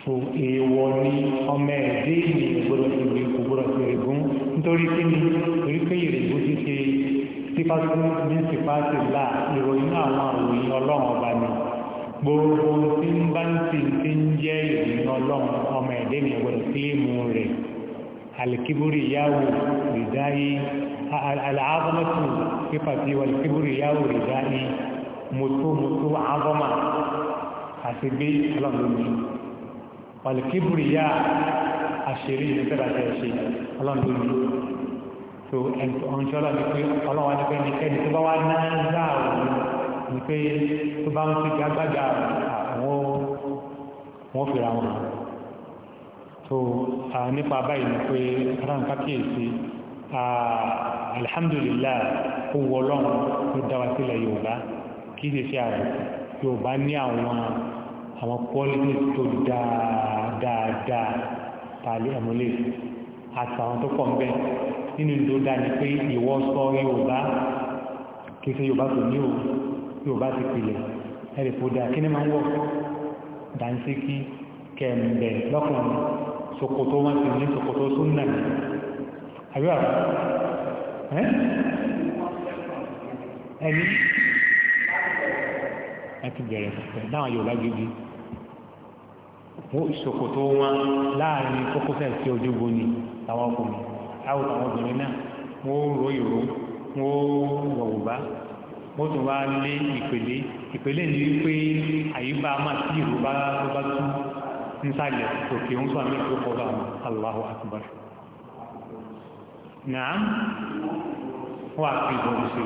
so èèwọ̀ ni ọmọ ẹ̀dẹ́ ìlú ìgbọ́dọ̀ ti rí ìgbọ́dọ̀ ti rí gún nítorí kí ni torí pé ìrègùn ti ṣe sípàtì ní sípàtì là ìròyìn àwọn àròyìn ọlọ́run ọba ni gbogbo tí ń bá ń ti ti ń jẹ́ ìrìn ọlọ́run ọmọ ẹ̀dẹ́ ni ẹgbẹ̀rẹ̀ kílímù rẹ̀ alìkíbúrì yáwò rìdáyé aláàbọ̀mọ́tò pípàtí wà alìkíbúrì yáwò rìdáyé mọ́tòmọ́tò àbọ̀mà àti gbé ọlọ́run alìkíbúrì yá àṣírí ìrìnsẹ́bàtẹ̀ ọlọ́run tó ẹ̀ńtọ́ wípé tó bá ń fi gbàgbàgbà àwọn wọ́n fìra wọn tó nípa báyìí ni pé ránkà kíyèsí alhamdulillah ó wọ ọlọ́run ló dá wa sílẹ̀ yorùbá kí ṣe ṣe àrùn yorùbá ní àwọn àwọn qualities tó dáadáa tààlé ẹ̀mọ́lẹ̀ àtàwọn tó pọ̀ ń bẹ nínú ìdó dáa ni pé ìwọ sọ yorùbá kí ṣe yorùbá tó ní òun yorùbá ti pilẹ̀ ẹ̀rì fòdà kí ni máa ń wọ̀ dànsíkí kẹ̀m̀bẹ̀ lọ́kùnrin ṣòkòtò wọn sì ní ṣòkòtò súnnà àbí ọ̀rọ̀ ẹni ẹtì bẹ̀rẹ̀ pẹ̀lú àwọn yorùbá gidi ó ṣòkòtò wọn láàrin kókósẹ̀ sí ojúbo ni àwọn ọkùnrin àwọn obìnrin náà wọ́n ròyìnrò wọ́n wọ̀wọ̀ bá wọ́n tún wá lé ìpele ìpele ní wípé àyíbá máa tí ìlú bá tó bá tún ń sálẹ̀ òkè ń sọ àmì ìlú kọba Allahu Akbar náà wà fi ìbọn ṣe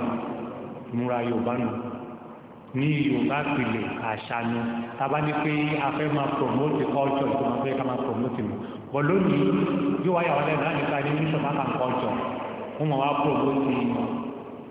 múra Yorùbá nù ní Yorùbá pìlẹ̀ àṣànù tàbá ní pé a fẹ́ máa promote culture tó máa fẹ́ ká máa promote nù bọ̀ lónìí yóò wáyà wọlé náà nípa ní mísọ̀ bá kà ń culture wọ́n máa wá promote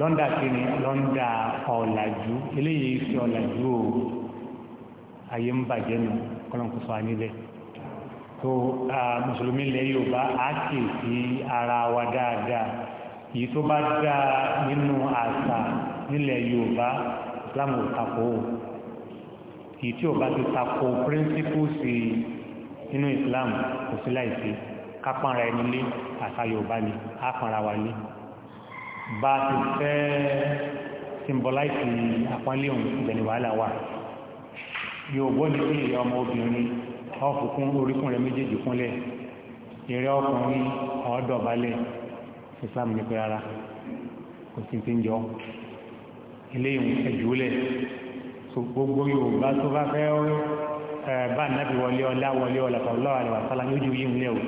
lọ́ndà kìíní lọ́ndà ọ̀làjú eléyìí fi ọ̀làjú o ayé ń bàjẹ́ nù kọ́lọ́nkóso anílẹ̀ tó mùsùlùmí ilẹ̀ yorùbá á kì í sí ara wa dáadáa èyí tó bá dáa nínú àṣà nílẹ̀ yorùbá islam ò takò ó èyí tí ò bá ti takò principles nínú islam kò sí láìsí kápánra ẹni lé àṣà yorùbá ni á pànra wa lé bá ti fẹ́ symbolize àpọ́nlé òun ìbẹ̀ni wàhálà wà yóò gbọ́dọ̀ sí ìrẹ́ ọmọ obìnrin ọkùnkún orikún rẹ̀ méjèèjì kúnlẹ̀ ìrẹ́ ọkùnrin ọ̀ọ́dọ̀balẹ̀ Islam ní pé rárá kò sí ti ń jọ ilé ìwọ̀n ẹ̀júlẹ̀ so gbogbo Yorùbá tó bá fẹ́ bá nàbí wọlé ọlá wọlé ọlá tọ̀lọ́ àlẹ́wàsálà yóò ju yíyún lẹ́wọ̀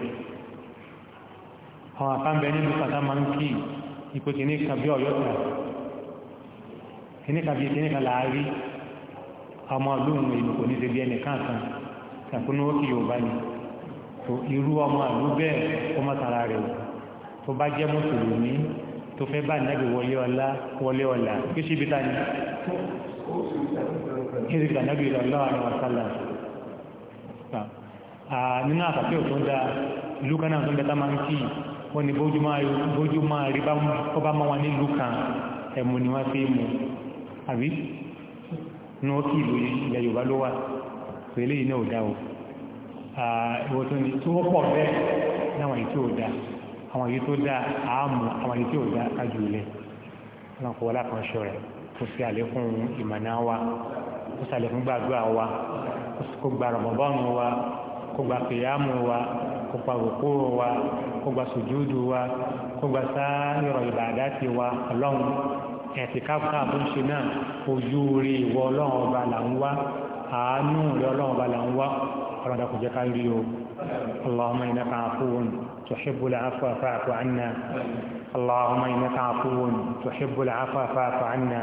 àwọn àpá ń bẹ nínú pátá máa ń kí ipò kìíní kan bí ọ̀yọ́ tà kìíní kan bí kìíní kan láàárí ọmọ ọlọ́run èyí kò ní ṣe bí ẹnìkan kan ṣàkóná òkè yorùbá ni tó irú ọmọ àlú bẹ́ẹ̀ ó má tara rẹ̀ o tó bá jẹ́ mùsùlùmí tó fẹ́ bá nàbì wọlé ọlá wọlé ọlá kí ṣe ibi ta ni kí ṣe ibi ta nàbì lọ́wọ́ àwọn ọ̀sálà nínú àtàkì òtún dá ìlú kan tó ń bẹ wọ́n ní bójú máa rí bá máa wà nílùú kan ẹ̀mù ni wọ́n fi mú àbí ní ó kí ìlú ilẹ̀ Yorùbá ló wà pẹ̀lú iná ò dá o ìwọ̀n tó ní tí ó pọ̀ bẹ́ẹ̀ láwọn èyí tí ò dá àwọn èyí tó dá àámù àwọn èyí tí ò dá kájú ilẹ̀ wọn kò wọlá kan ṣọ kò sí àlékún ìmọ̀nà wa kò sàlékún gbàdúrà wa kò gba rọ̀mọ̀bọ́ọ̀nù wa kò gba kìyàmù wa kó gba òkú wa kó gba sùjúdù wa kó gba sáyọrọ ìbàdà ti wa ọlọ́run ẹ̀sìn káfíńtà tó ń ṣe náà ojú rí ìwọ ọlọ́run ọba là ń wá àánú rẹ ọlọ́run ọba là ń wá ọlọ́run dàkú jẹ́ ká rí o اللهم إنك عفو تحب العفو فاعف عنا اللهم إنك عفو تحب العفو فاعف عنا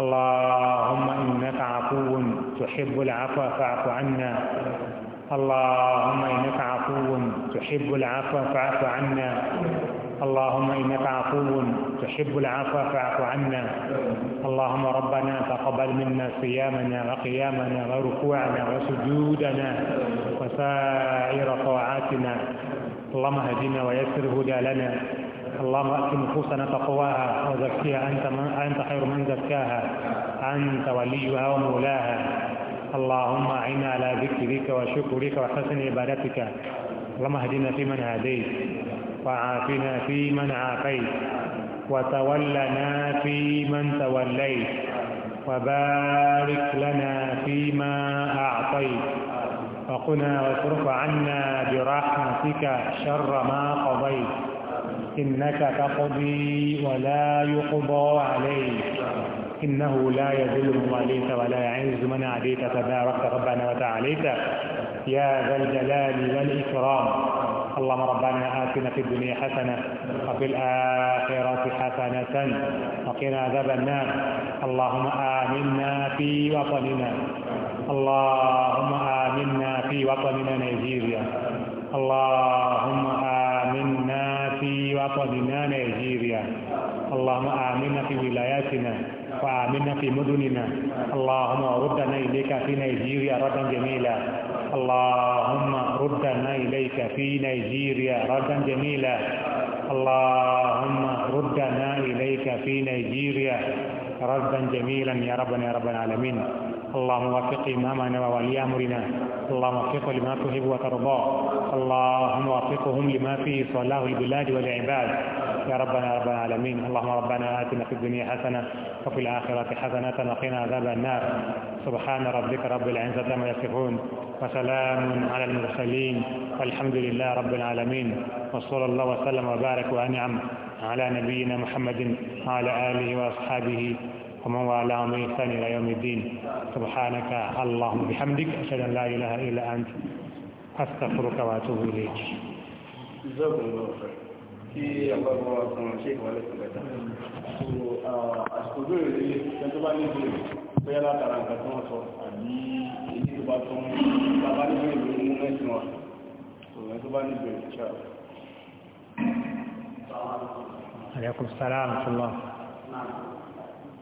اللهم إنك عفو تحب العفو فاعف عنا اللهم إنك عفو تحب العفو فاعف عنا اللهم إنك عفو تحب العفو فاعف عنا اللهم ربنا تقبل منا صيامنا وقيامنا وركوعنا وسجودنا وسائر طاعاتنا اللهم اهدنا ويسر هدى لنا اللهم ائت نفوسنا تقواها وزكيها انت من انت خير من زكاها انت وليها ومولاها اللهم أعنا على ذكرك وشكرك وحسن عبادتك اللهم اهدنا فيمن هديت وعافنا فيمن عافيت وتولنا فيمن توليت وبارك لنا فيما أعطيت وقنا واصرف عنا برحمتك شر ما قضيت إنك تقضي ولا يقضى عليك إنه لا يذل من واليت ولا يعز من عليك تبارك ربنا وتعاليك يا ذا الجلال والإكرام اللهم ربنا آتنا في الدنيا حسنة وفي الآخرة حسنة وقنا عذاب النار اللهم آمنا في وطننا اللهم آمنا في وطننا نيجيريا اللهم آمنا في وطننا نيجيريا اللهم آمنا في ولاياتنا وآمنا في مدننا اللهم ردنا إليك في نيجيريا ردا جميلا اللهم ردنا إليك في نيجيريا ردا جميلا اللهم ردنا إليك في نيجيريا ردا جميلا يا ربنا يا رب العالمين اللهم وفق إمامنا وولي أمرنا اللهم وفقه لما تحب وترضى اللهم وفقهم لما فيه صلاح البلاد والعباد يا ربنا رب العالمين اللهم ربنا آتنا في الدنيا حسنة وفي الآخرة حسنة وقنا عذاب النار سبحان ربك رب العزة عما يصفون وسلام على المرسلين والحمد لله رب العالمين وصلى الله وسلم وبارك وأنعم على نبينا محمد وعلى آله وأصحابه ومن والاه من احسان الى يوم الدين سبحانك اللهم بحمدك اشهد ان لا اله الا انت استغفرك واتوب اليك. جزاكم الله خير. السلام عليكم ورحمة الله نعم.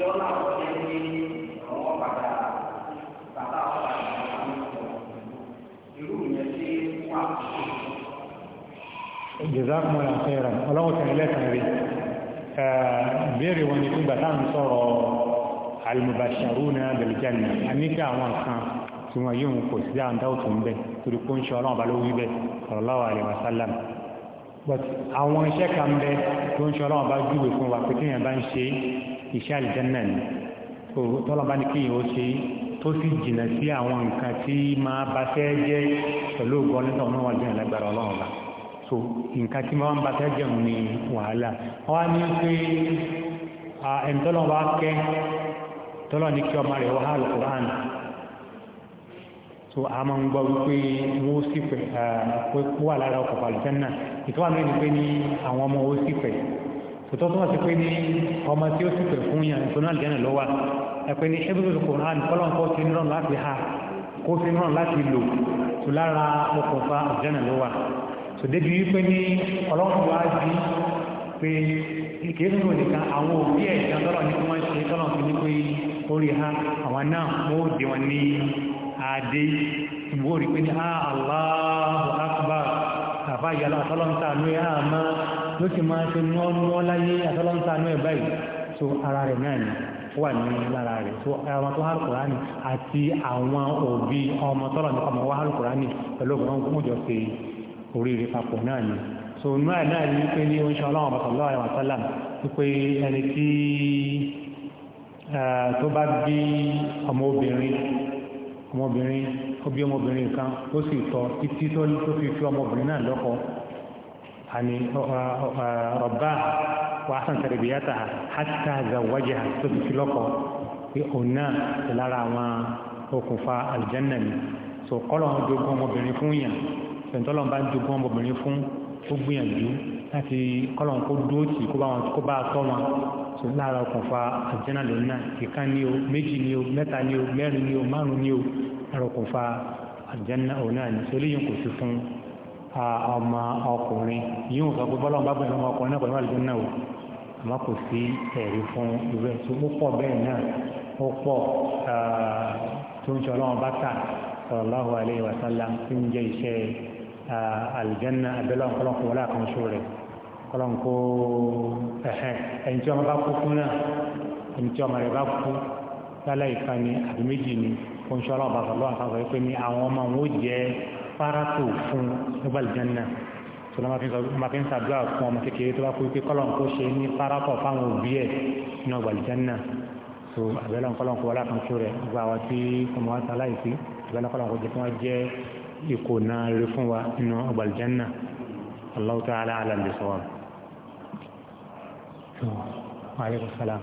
yọ láwọn ṣe ń ní àwọn khairan ọlọ́run tẹ̀lé lẹ́sàn-án rí béèrè wọn ni fún gbàtà ń sọ̀rọ̀ almubasharuna bil janna a ní kí àwọn kan tí wọ́n yóò kò sí àǹdáwò tó ń bẹ̀ torí kó ń ṣe ọlọ́run bá ló wí bẹ̀ sallallahu alaihi wasallam iṣẹ́ àlìjẹ́nà ni tọ́lọ́bá ní kíyàn ó ṣe tó sì jìnà sí àwọn nǹkan tí máa bá fẹ́ jẹ́ pẹ̀lú ògbọ́n nítorí wọn wọ́n jẹ́ lágbára ọlọ́run bá so nǹkan tí máa ń bá fẹ́ jẹun ní wàhálà wọ́n ní pé ẹni tọ́lọ́ bá kẹ́ tọ́lọ́ ní kí ọmọ rẹ̀ wá alukuran so a máa ń gbọ́ wípé wọ́n sì pẹ̀ wà lára ọkọ̀ àlìjẹ́nà ìtọ́wà mẹ́rin pé ní àwọn ọmọ wọ́n sì pẹ̀ tòtọ́ tó wà sí pé ní ọmọ tí ó sì pẹ̀ fún yàn ìpinnu àlùjáná ló wà ẹ̀pẹ́ ní ẹ̀bùsùn kòrán kọ́lọ́ǹkọ́ ti ń rán láti ha kó ti ń rán láti lò tó lára okùnfà àlùjáná ló wà tó débi wípé ní ọlọ́run wá bí pé kìí nínú nìkan àwọn òbí ẹ̀dá tọ́lọ̀ ní kí wọ́n ṣe tọ́lọ̀ fi ní pé orí ha àwọn náà mú òdì wọn ní àdé ìwọ́rí pé ní Allahu Akbar àfa ìyàlọ́ àtọ́lọ́ntàánú ẹ̀ àmọ́ ló sì máa ṣe mọ́ mọ́ láyé àtọ́lọ́ntàánú ẹ̀ báyìí so ara rẹ̀ náà ni wà ní lára rẹ̀ so ọmọ tó hàrù kùránì àti àwọn òbí ọmọ tọ́lọ̀ nípa ọmọ wa hàrù kùránì pẹ̀lú ọgbọ̀n kúnjọ ṣe oríire papọ̀ náà ni so inú ẹ̀ náà ni pé ní oúnjẹ ọlọ́run ọ̀bọ̀ sọ̀lọ́ ẹ̀wà sálà ọmọbìnrin ọbí ọmọbìnrin kan ó sì tọ títí tó fi fi ọmọbìnrin náà lọ́kọ àní ọba wa sàn tẹ̀lébíyàtà hàtà zàwájà tó fi fi lọ́kọ pé òun náà ti lára àwọn okùnfà àlìjánà ni so kọ́lọ̀ ń jogún ọmọbìnrin fún yàn sèǹtọ́lọ́ bá ń ọmọbìnrin fún ó gbìyànjú láti kọ́lọ̀n kó dóòtì kó bá tọ́ wọn tó lára okùnfà àjẹ́nà lónà ìkan ní o méjì ní o mẹ́ta ní o mẹ́rin ní o márùn ní o lára okùnfà àjẹ́nà òun náà ní torí yìí kò sí fún ọmọ ọkùnrin yíò sọ pé bọ́lọ̀ bá bẹ̀rẹ̀ ọmọ wasallam tí ń jẹ́ iṣẹ́ àlìjẹ́nà abẹ́lẹ́ ọ̀pọ̀lọpọ̀ kọlọ́nkó ẹ̀hẹ́n ẹni tí ọmọ bá kú fún náà ẹni tí ọmọ rẹ̀ bá kú lálẹ́ ìkan ni àbí méjì ni kò ń ṣe ọlọ́ọ̀bá sọ̀rọ̀ àwọn sọ̀rọ̀ pé ní àwọn ọmọ òun ó jẹ́ fárátò fún nígbàlìjẹ́ náà tó lọ́ máa fi ń ṣàdúrà fún ọmọ kékeré tó bá kú pé kọlọ́nkó ṣe ní fárátọ̀ fáwọn òbí ẹ̀ ní ọgbàlìjẹ́ náà so àbẹ̀lẹ̀ kọlọ́nkó Allah ta'ala alam bisawab tó aleykum salaam.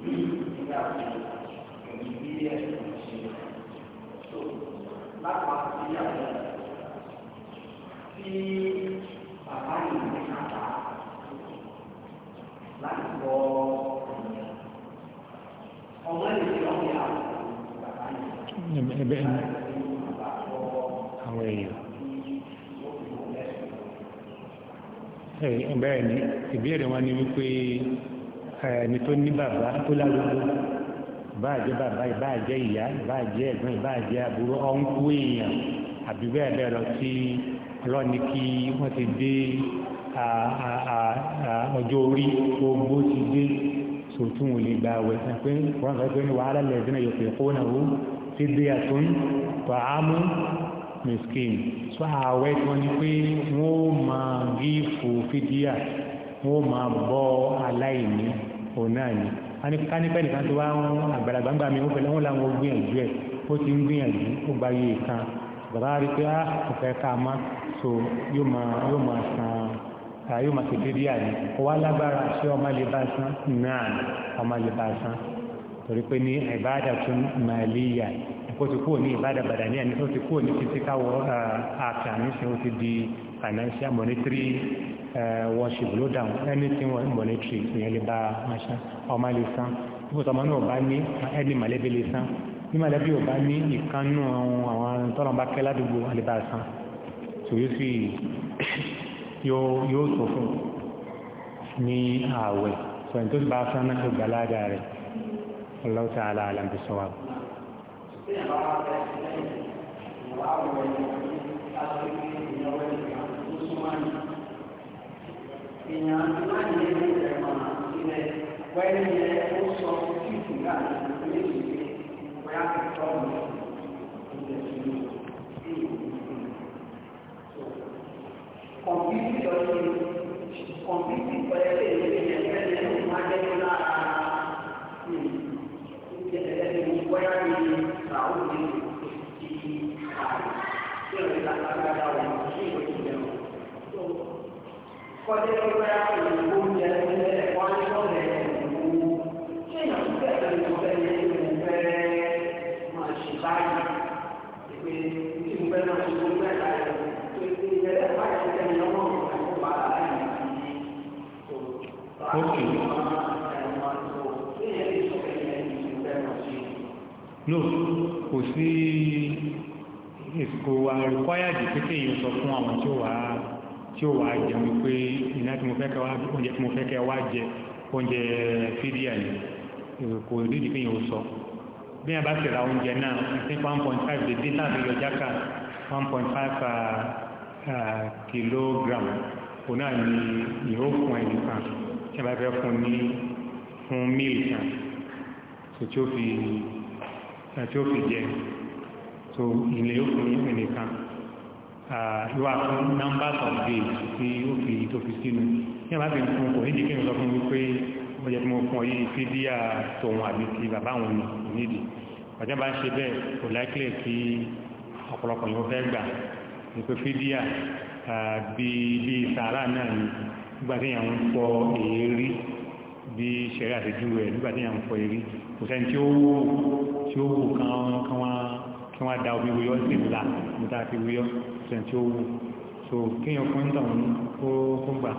Thank you ẹ̀bẹ̀ àwọn èèyàn ẹ̀bẹ̀ ẹ̀ní ìbéèrè wọn ni wípé ẹni tó ní bàbá tó lárúgbó ìbáàjẹ́ bàbá ìbáàjẹ́ ìyá ìbáàjẹ́ ẹ̀gbọ́n ìbáàjẹ́ àbúrò ọ̀nkú èèyàn àbí bẹ́ẹ̀ bẹ́ẹ̀ lọ sí ọlọ́ni kí wọ́n ti dé ọjọ́ orí ogbó ti dé sòtún ò lè gba pé wọ́n fẹ́ pé wàhálà lẹ́sìn náà yóò fi kó náà fídíyàtún tọ́hámú miskin so ààwẹ̀ tí wọ́n ní pé wọ́n máa gífò fídíyà wọ́n máa bọ́ aláìní òun náà ni kánípẹ́ nìkan tó wá ń àgbàlagbàgbà mi ó fẹ́lẹ́ wọ́n láwọn gbìyànjú ẹ̀ ó ti ń gbìyànjú ó gba iye kan bàbá rí pé á ah, ká má so yóò máa san ah, yóò máa ṣe fídíyà ni ó wá lágbára ṣé ọmọ lè bá san náà ọmọ lè bá san torí pé ní ìbáàdà tún màlíyà ó ti kúrò ní ìbáàdà bàdàníà ní ó ti kúrò ní physical uh, àṣà ó ti di financial monetary uh, worship ló dáhùn anything monetary ìyẹn lè bá aṣá ọmọ lè san ibùsọ̀ ọmọ náà bá ní ẹni màlẹ́bí lè san ní màlẹ́bí ò bá ní ìkánú àwọn tọ́lọ́mbà kẹ́lá dùgbò àlebà san tòyí sì yóò tó fún ní ààwẹ̀ sọ̀yìn tó ti bá san náà ó gbàládà rẹ̀ والله تعالى أعلم بالصواب Convite, convite para ele, ele lágbára wà ní ìwé ìjẹ wọn. kọjá ló bá ìlú oúnjẹ ẹgbẹ́ wọn ní lọ́dẹ̀ ìlú ṣé èèyàn tó fẹ́ fẹ́ lọ fẹ́ ní ìlú fẹ́ máa ṣe báyìí ìpè tí mo fẹ́ máa ṣe tó fẹ́ láyé tó ti ìrẹ́lẹ̀ báyìí tó kò wà rìkwáyàdì pé kéèyàn sọ fún àwọn tí ó wà tí ó wà jẹ wípé iná tí mo fẹ́ kẹ́ wá oúnjẹ tí mo fẹ́ kẹ́ wá jẹ oúnjẹ fídíà ni kò nídìí kéèyàn ó sọ bí a bá ti ra oúnjẹ náà ní one point five the data fi yọ jáka one point five uh, uh, kilogram òun náà ni yóò fún ẹnìkan tí a bá fẹ́ fún ní fún mílì kan tí ó fi jẹ so ilé òkùnrin ẹnìkan ìwà fún numbers of days tí ó fi tó fi sínú ní àbá fi ń fún kò nídìí kí n sọ fún wípé wọ́n jẹ́ fún mo fún ọ yìí fi díà tòun àbí ti bàbá òun nù nídìí ọjọ́ bá ń ṣe bẹ́ẹ̀ kò láìpẹ́ kí ọ̀pọ̀lọpọ̀ yóò fẹ́ gbà nípa fídíà bí sàárà náà ni nígbàtíyàn ń fọ èérí bí ṣẹ̀rẹ́ àtijú rẹ̀ nígbàtíyàn ń fọ èérí kò sẹ́ni tí ó wò kan wọ́n kí wọ́n da omi wíyọ́ sí ìlà níta fi wíyọ́ sẹ́ni tí ó so kéèyàn fún ń tàn kó gbà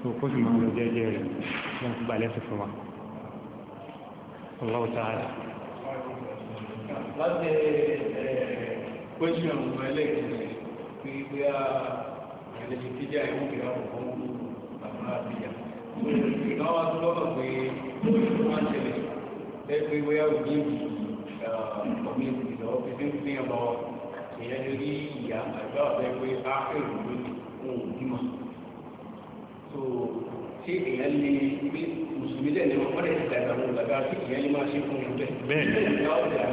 so kó sì máa ń lọ jẹ́jẹ́ rẹ̀ lọ́n gbà lẹ́sìn fún wa. Allah ta'ala. láti pẹ́sìn ọ̀gbọ́n ẹlẹ́gbẹ̀ẹ́ pé bí a ẹlẹ́gbẹ̀ẹ́ tí jẹ́ ìwé ìgbà ọ̀gbọ́n àwọn àbíyá. ìgbà wa tó lọ́kàn pé wọ́n á tẹ̀lé ẹgbẹ́ ìwé àwùjọ ìwé omi ìlọ fífi ń fi ọmọ èèyàn lè rí ìyá àgbà ọ̀bẹ pé á èrò lónìí òun ò bímọ. tó ṣé èèyàn lè gbé mùsùlùmí lẹ́nu wọn wọ́n lè ti dàgbà wọn gbàgbà tí èèyàn lè máa ṣe fún un bẹ́ẹ̀. bẹ́ẹ̀ kéèyàn máa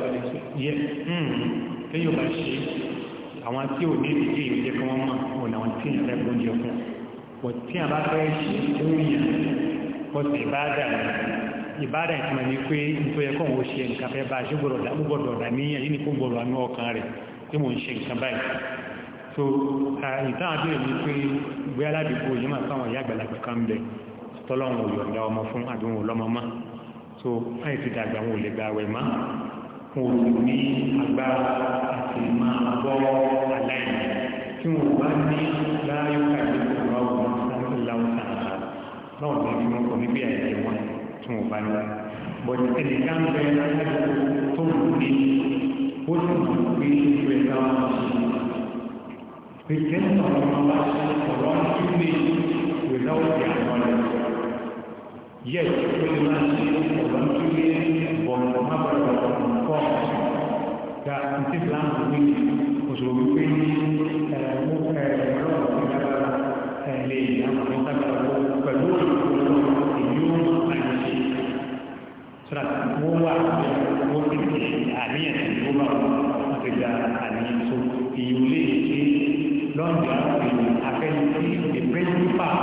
àwọn tí ò ní ìdíje ìdíje kí wọ́n mọ̀ òun àwọn tí èèyàn lẹ́gbọ́n fún un. tí a bá fẹ́ ṣe fún yàn bọ̀ sí ìbáàdà ìbára ìtumọ̀ ní pé nítorí ẹ̀kọ́ òun ṣe nǹkan fẹ́ bá ṣe gbọ́dọ̀ dà níyàn yìí ni kó gbọ́dọ̀ ní ọkàn rẹ̀ pé mò ń ṣe nǹkan báyìí so ìtàn àbúrò ní pé ìgbé aládùúgbò yìí máa fáwọn ìyá àgbàlagbà kan bẹ tọ́lọ́run ò yọ̀ǹda ọmọ fún àdúgbò lọ́mọ mọ́ so láì ti dàgbà wọn ò lè gba àwẹ̀ mọ́ wọn ò ní agbára àti máa bọ́ aláìní tí wọn bá ní láyé káàkiri ọ̀rọ̀ ọ̀gbọ̀n láwùjọ náà lọ́wọ́ bí wọn kò ní bí àìsàn wọn tí wọ́n bá ní but ẹnìkan bẹ lágbàdo tó ń gbé ó sì ń gbé ìlú ẹ̀ka wọn ṣe pé tẹ́lẹ̀ ọ̀rọ̀ wọn bá ṣe ọ̀rọ̀ ń gbé without their knowledge yes ó lè máa ṣe ọ̀rọ̀ ń gbé bọ̀ọ̀lù má bọ̀ọ̀lù kọ́ ta ti plan wí òṣèlú wípé ní ẹ̀rọ ìdábàá ẹ̀lẹ́yìn àwọn ọ̀tàgbà pẹ̀lú ìlú ìlú àyè sọ́dà wọ́n wà wọ́n ti di àníyàn tí ó bá wọ́n ti da àníyàn tó ìyó lè ṣe lọ́ọ̀dì àwọn èèyàn afẹ́ni tí the principal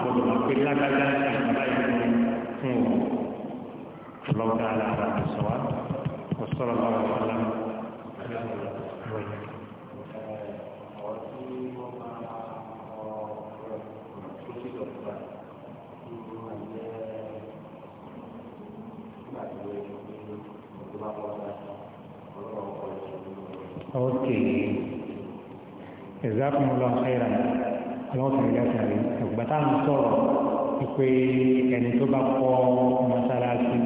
gbọ́dọ̀ wà pé lágbájá ìgbàlá ìgbàlá fún ọ. الله تعالى على الصواب وصلى الله وسلم اوكي جزاكم الله خيرا ọlọ́wọ́ sọ̀rọ̀ ilé ọ̀sẹ̀ rẹ̀ ọ̀gbà tá à ń sọ̀rọ̀ pé ẹni tó bá kọ́ mọ́sálásí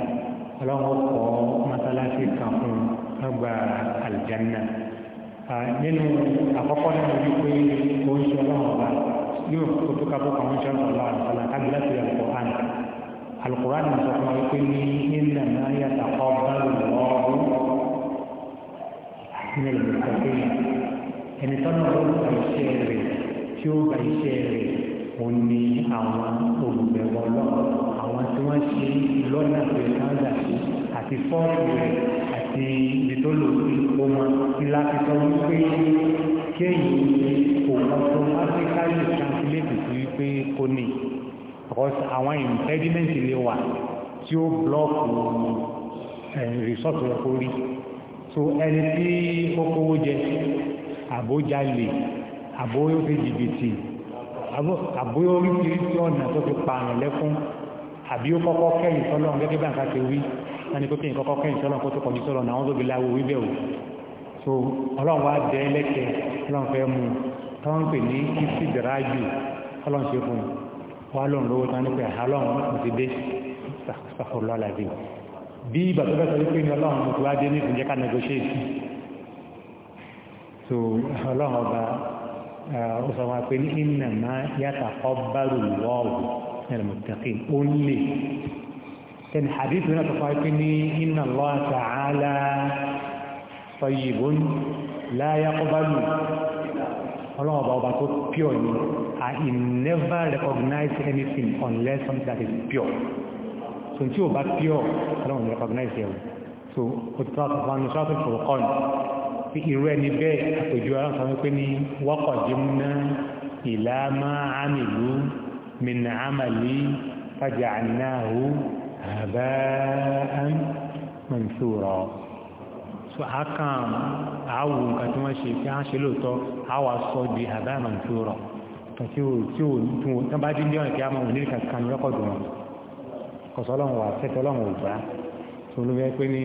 ọlọ́wọ́ kọ́ mọ́sálásí kan fún ọgbà àlìjánná nínú àkọ́kọ́ nínú wípé ó ń ṣe ọlọ́wọ́ ọba yóò kó tó kábọ́ kan ń alukurani sọ fún wa pé ní nílẹ náà yàtọ̀ ọba lọ́wọ́ ní ẹlẹmọtàkì ẹni tọ́nà ló gba iṣẹ́ rẹ̀ tí ó gba iṣẹ́ rẹ̀ ó ní àwọn olùbẹ̀wọ̀ lọ́wọ́ àwọn tí wọ́n ṣe lọ́nà pẹ̀lú káńdà sí àti fọ́ọ̀tù rẹ̀ àti ìdítòlò ìkómọ ìlàkì sọ wípé kéyìí kò kọ́ tó áfíríkà yìí translate wípé kò ní because àwọn impediment lè wà tí ó blọ́ọ̀kù eh, resort rẹ̀ kó rí so ẹni tí ó kówó jẹ àbójalè àbóyófẹ́ jìbìtì àbóyóríṣiríṣi ọ̀nà tó fi pààyàn lẹ́kún àbí ó kọ́kọ́ kẹ́yìn sọ́lọ́run gẹ́gẹ́ bá nǹkan ti wí wọ́n ni kókè kọ́kọ́ kẹ́yìn sọ́lọ́run kó tó kọjú sọ́lọ́run àwọn tóbi láwo wíbẹ̀ o so ọlọ́run wá jẹ́ lẹ́kẹ̀ẹ́ ọlọ́run fẹ́ mú tọ́ńpè ní kìsìdìrájù ọlọ́run ṣe fún un wá lóun lówó tán ní pé àlọ́run mo ti dé sàkóso lọ́làdé bí ìgbà tó bẹ́ẹ̀ sọ pé ní ọlọ́run mo ti wá dé ní ìfúnjẹ́ ká negotiate so ọlọ́run ọba ó sọ wọn pé ní ìnà máa yàtà ọbàrù lọ́ọ̀wù ẹ̀rọ mọ̀tàkì ó lè tẹ̀lé hadith náà tó pé ní inna Allah ta'ala tayyibun la yaqbalu ọlọ́run ọba ọba tó pure ni I never recognize anything unless something that is pure. So until o bá pure, I don't recognize you. So o ti tọ́ àtọ̀fà ní sọ́tún fòrò kọ́ ní. Fi irú ẹni bẹ́ẹ̀ àpèjú ara sọ wípé ní wọ́kọ̀ jimná ìlà máa àmìlú min amali faja'alnahu haba'an mansura. So a kàn áwù nǹkan tí wọ́n ṣe kí a ṣe lóòótọ́, a wà sọ di haba'an mansura kan tí ó tí ó tún tán bá dín díọ̀nà kí a máa wò nílùú kankan ní rẹ́kọ̀dù wọn kọ̀sọ́ ọlọ́run wà fẹ́tọ́ ọlọ́run ò gbà tó ló fẹ́ pé ní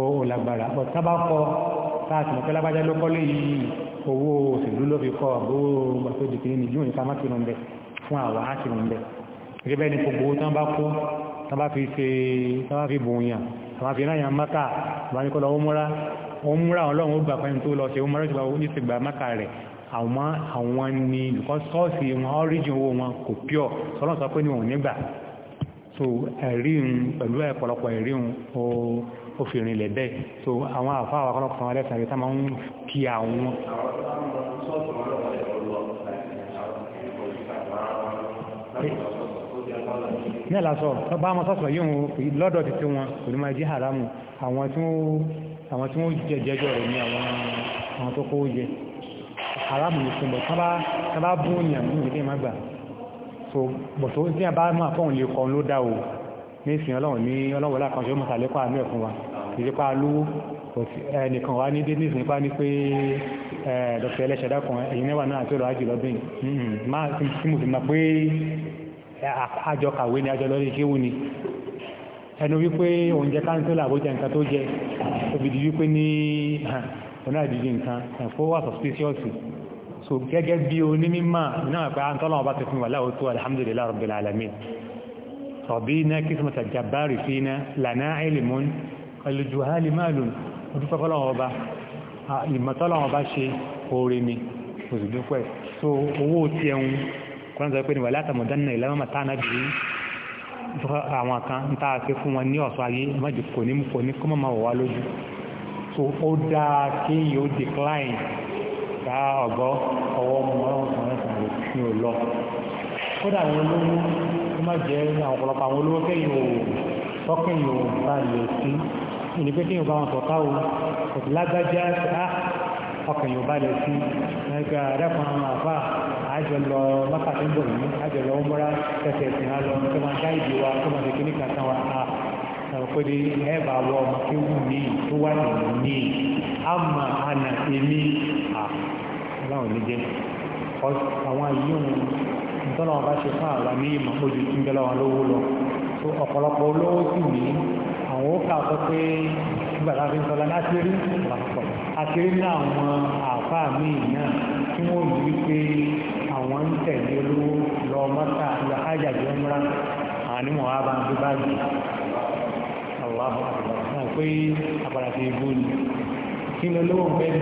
ó lágbára ọ̀ tábà kọ tá a sì mọ̀ pé lágbájá ló kọ́ léyìí owó òṣèlú ló fi kọ́ àbúrò gbàtó dìkìrì ní yóò ní má kírun bẹ fún àwa á kírun bẹ gẹ́gẹ́ bẹ́ẹ̀ ni gbogbo tán bá kó tán bá fi ṣe tán bá fi bòyàn tán bá fi náà yàn mọ́kà tán bá ní kọ́ lọ ó múra ó múra ọlọ́run ó gbà pẹ́ni tó lọ ṣe ó múra ó ti gbà mọ́kà rẹ̀ àwọn àwọn ni nǹkan sọ́ọ̀sì wọn ọ́ríjìn owó wọn kò pure sọ́lọ́n sọ pé ní òun nígbà so ẹ̀ríhun pẹ̀lú ẹ̀pọ̀lọpọ̀ ẹ̀ríhun ó fi rìnlẹ̀ bẹ́ẹ̀ so àwọn àfáà àwọn ọlọ́pàá wọn lẹ́sàn-án tá máa ń kí àwọn ní ẹ̀lásọ̀ bá wọn sọ́sọ̀ yíò lọ́dọ̀ ti tí wọn kò ní máa jí haramu àwọn tí wọ́n jẹjẹjọ rẹ̀ ní àwọn tó kówó jẹ haram ní fún bọ̀ tábá bún èèyàn ní ìdílé má gbà so bọ̀tọ̀ tí a bá máa fọ́n lè kọ ló dá o ní ìsìn ọlọ́run ní ọlọ́wọ́ lákanṣe ó mọ̀tàlẹ́kọ̀ àánú ẹ̀fún wa ìdípa lówó ẹnìkan wá ní dédé nípa ní pé dr ẹlẹ́ṣẹ̀dá kan ẹ̀yìn mẹ́wàá náà tó lọ ájì lọ́dún máa tí mo fi mọ̀ pé àjọ kàwé ni àjọ lọ́dún kéwù ni ẹnu wípé oúnjẹ káńsílà àbójẹ nǹkan tó jẹ òbí di wípé ní ọ̀nà ìdíjì nǹkan ẹ̀kọ́ wà sọ̀spíṣíọ́sì so gẹ́gẹ́ bí onímọ̀ náà pé àǹtọ́lọ́ ọba ti fún wà láwọ́ tó alhamdulillah rabbil alamin ربينا كسمة الجبار فينا لنا علم وللجهال مال ọdúnfẹ́fọ́lọ́ ọba ìmọ̀tọ́lọ́ ọba ṣe oore ni òṣìdúpẹ́ so owó tí ẹun kọ́nàtọ̀ pé níwà látàmọ̀dánà ìlànà tánàbí àwọn kan ń tàà sí fún wọn ní ọ̀sọ̀ ayé mọ́jì kò ní mú kò ní kọ́mọ̀mọ̀ wà lójú so ó dáa kí yóò decline ká ọ̀gọ́ ọwọ́ mu ọlọ́run kan lẹ́sìn rẹ̀ ní ò lọ kódà àwọn olówó ó má jẹ́ àwọn ọ̀pọ̀lọpọ̀ àwọn olówó kẹ́yìn ò tọ́kẹ́yìn ò bá lè sí ìní pé kí yóò bá wọn sọ̀tá o òtí lágbájá á ọkàn yóò bá lè sí ẹgbẹ́ àdẹ́kùn àwọn àfà àjọ lọ mọ́kàtí ń àjọ lọ ó mọ́ra tẹ̀sẹ̀ ìsìn á lọ tó máa dá ìdí wa tó máa fi kíní kàtà wa á pẹ̀lú ẹ̀bà wọ ọmọ kéwù mi tó wà nínú mi àmà àna èmi àláwọn oníjẹ àwọn yíyún nítorí wọn bá ṣe fún àwa ní ìmọ̀ ojú tí ń bẹ́ lọ́wọ́ lówó lọ tó ọ̀pọ̀lọpọ̀ olówó sì ní àwọn ó kà sọ pé nígbà tá a fi ń sọ lánàá ti rí àpapọ̀ àti rí ní àwọn àáfàá míì náà tí wọ́n rí wípé àwọn ń tẹ̀lé olówó lọ mọ́tà lọ ájàgbé ńlá àwọn onímọ̀ wa bá ń gbé báàgì Allahu Akbar náà pé àpàràtì ìbò ni kí ló lówó fẹ́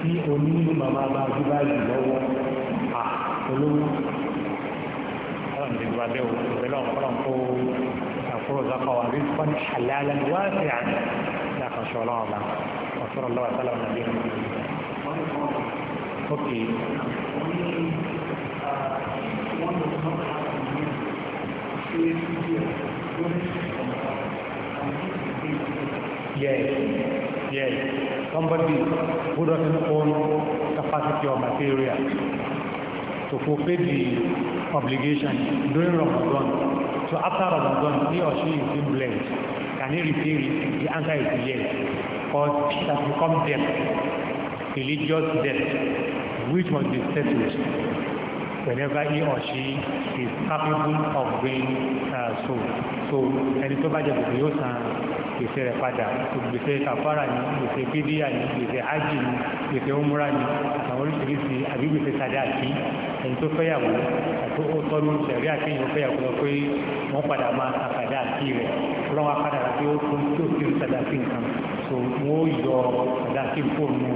tí onílù màmá bá gbé báyìí lọ́wọ́ à olówó ọlọ́run ti gba bẹ́ẹ̀ o ìbẹ̀lẹ̀ ọ̀pọ̀lọpọ̀ kó àkúrò zákọ̀ wà rísí fún àlàálẹ̀ wá sí àná lákan ṣọ ọlọ́run ọba ọ̀sọ́rọ̀ lọ́wọ́ sálọ̀ nàbí ókè. Thank you. Yes, yes. Somebody who doesn't own capacity or material to fulfill the obligation during Ramadan. So after Ramadan, he or she is in blessed. Can he repay it? The answer is yes. Because it has become debt, religious debt, which must be settled whenever he or she is capable of doing uh, so. So, and tó bá jẹ́ kòkòrò yóò san gbèsè rẹ̀ padà gbèsè kàfàrà ni gbèsè bídíà ni gbèsè hajj ni gbèsè umra ni àwọn oríṣiríṣi àbí gbèsè sàdáàkì ẹni tó fẹ́yàwó àti ó tọ́lú ṣẹ̀rí àti èèyàn fẹ́yàwó lọ pé wọ́n padà máa ta sàdáàkì rẹ̀ rán wa padà pé ó tún tó sí sàdáàkì nǹkan so wọ́n yọ sàdáàkì fóònù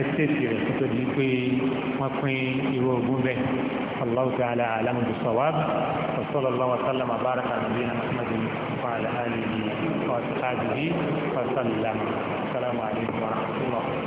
ẹ́stéètì rẹ̀ nítorí pé wọ́n pín irú ogún bẹ́ẹ̀ الله تعالى أعلم بالصواب وصلى الله وسلم وبارك على نبينا محمد وعلى آله وأصحابه وسلم السلام عليكم ورحمة الله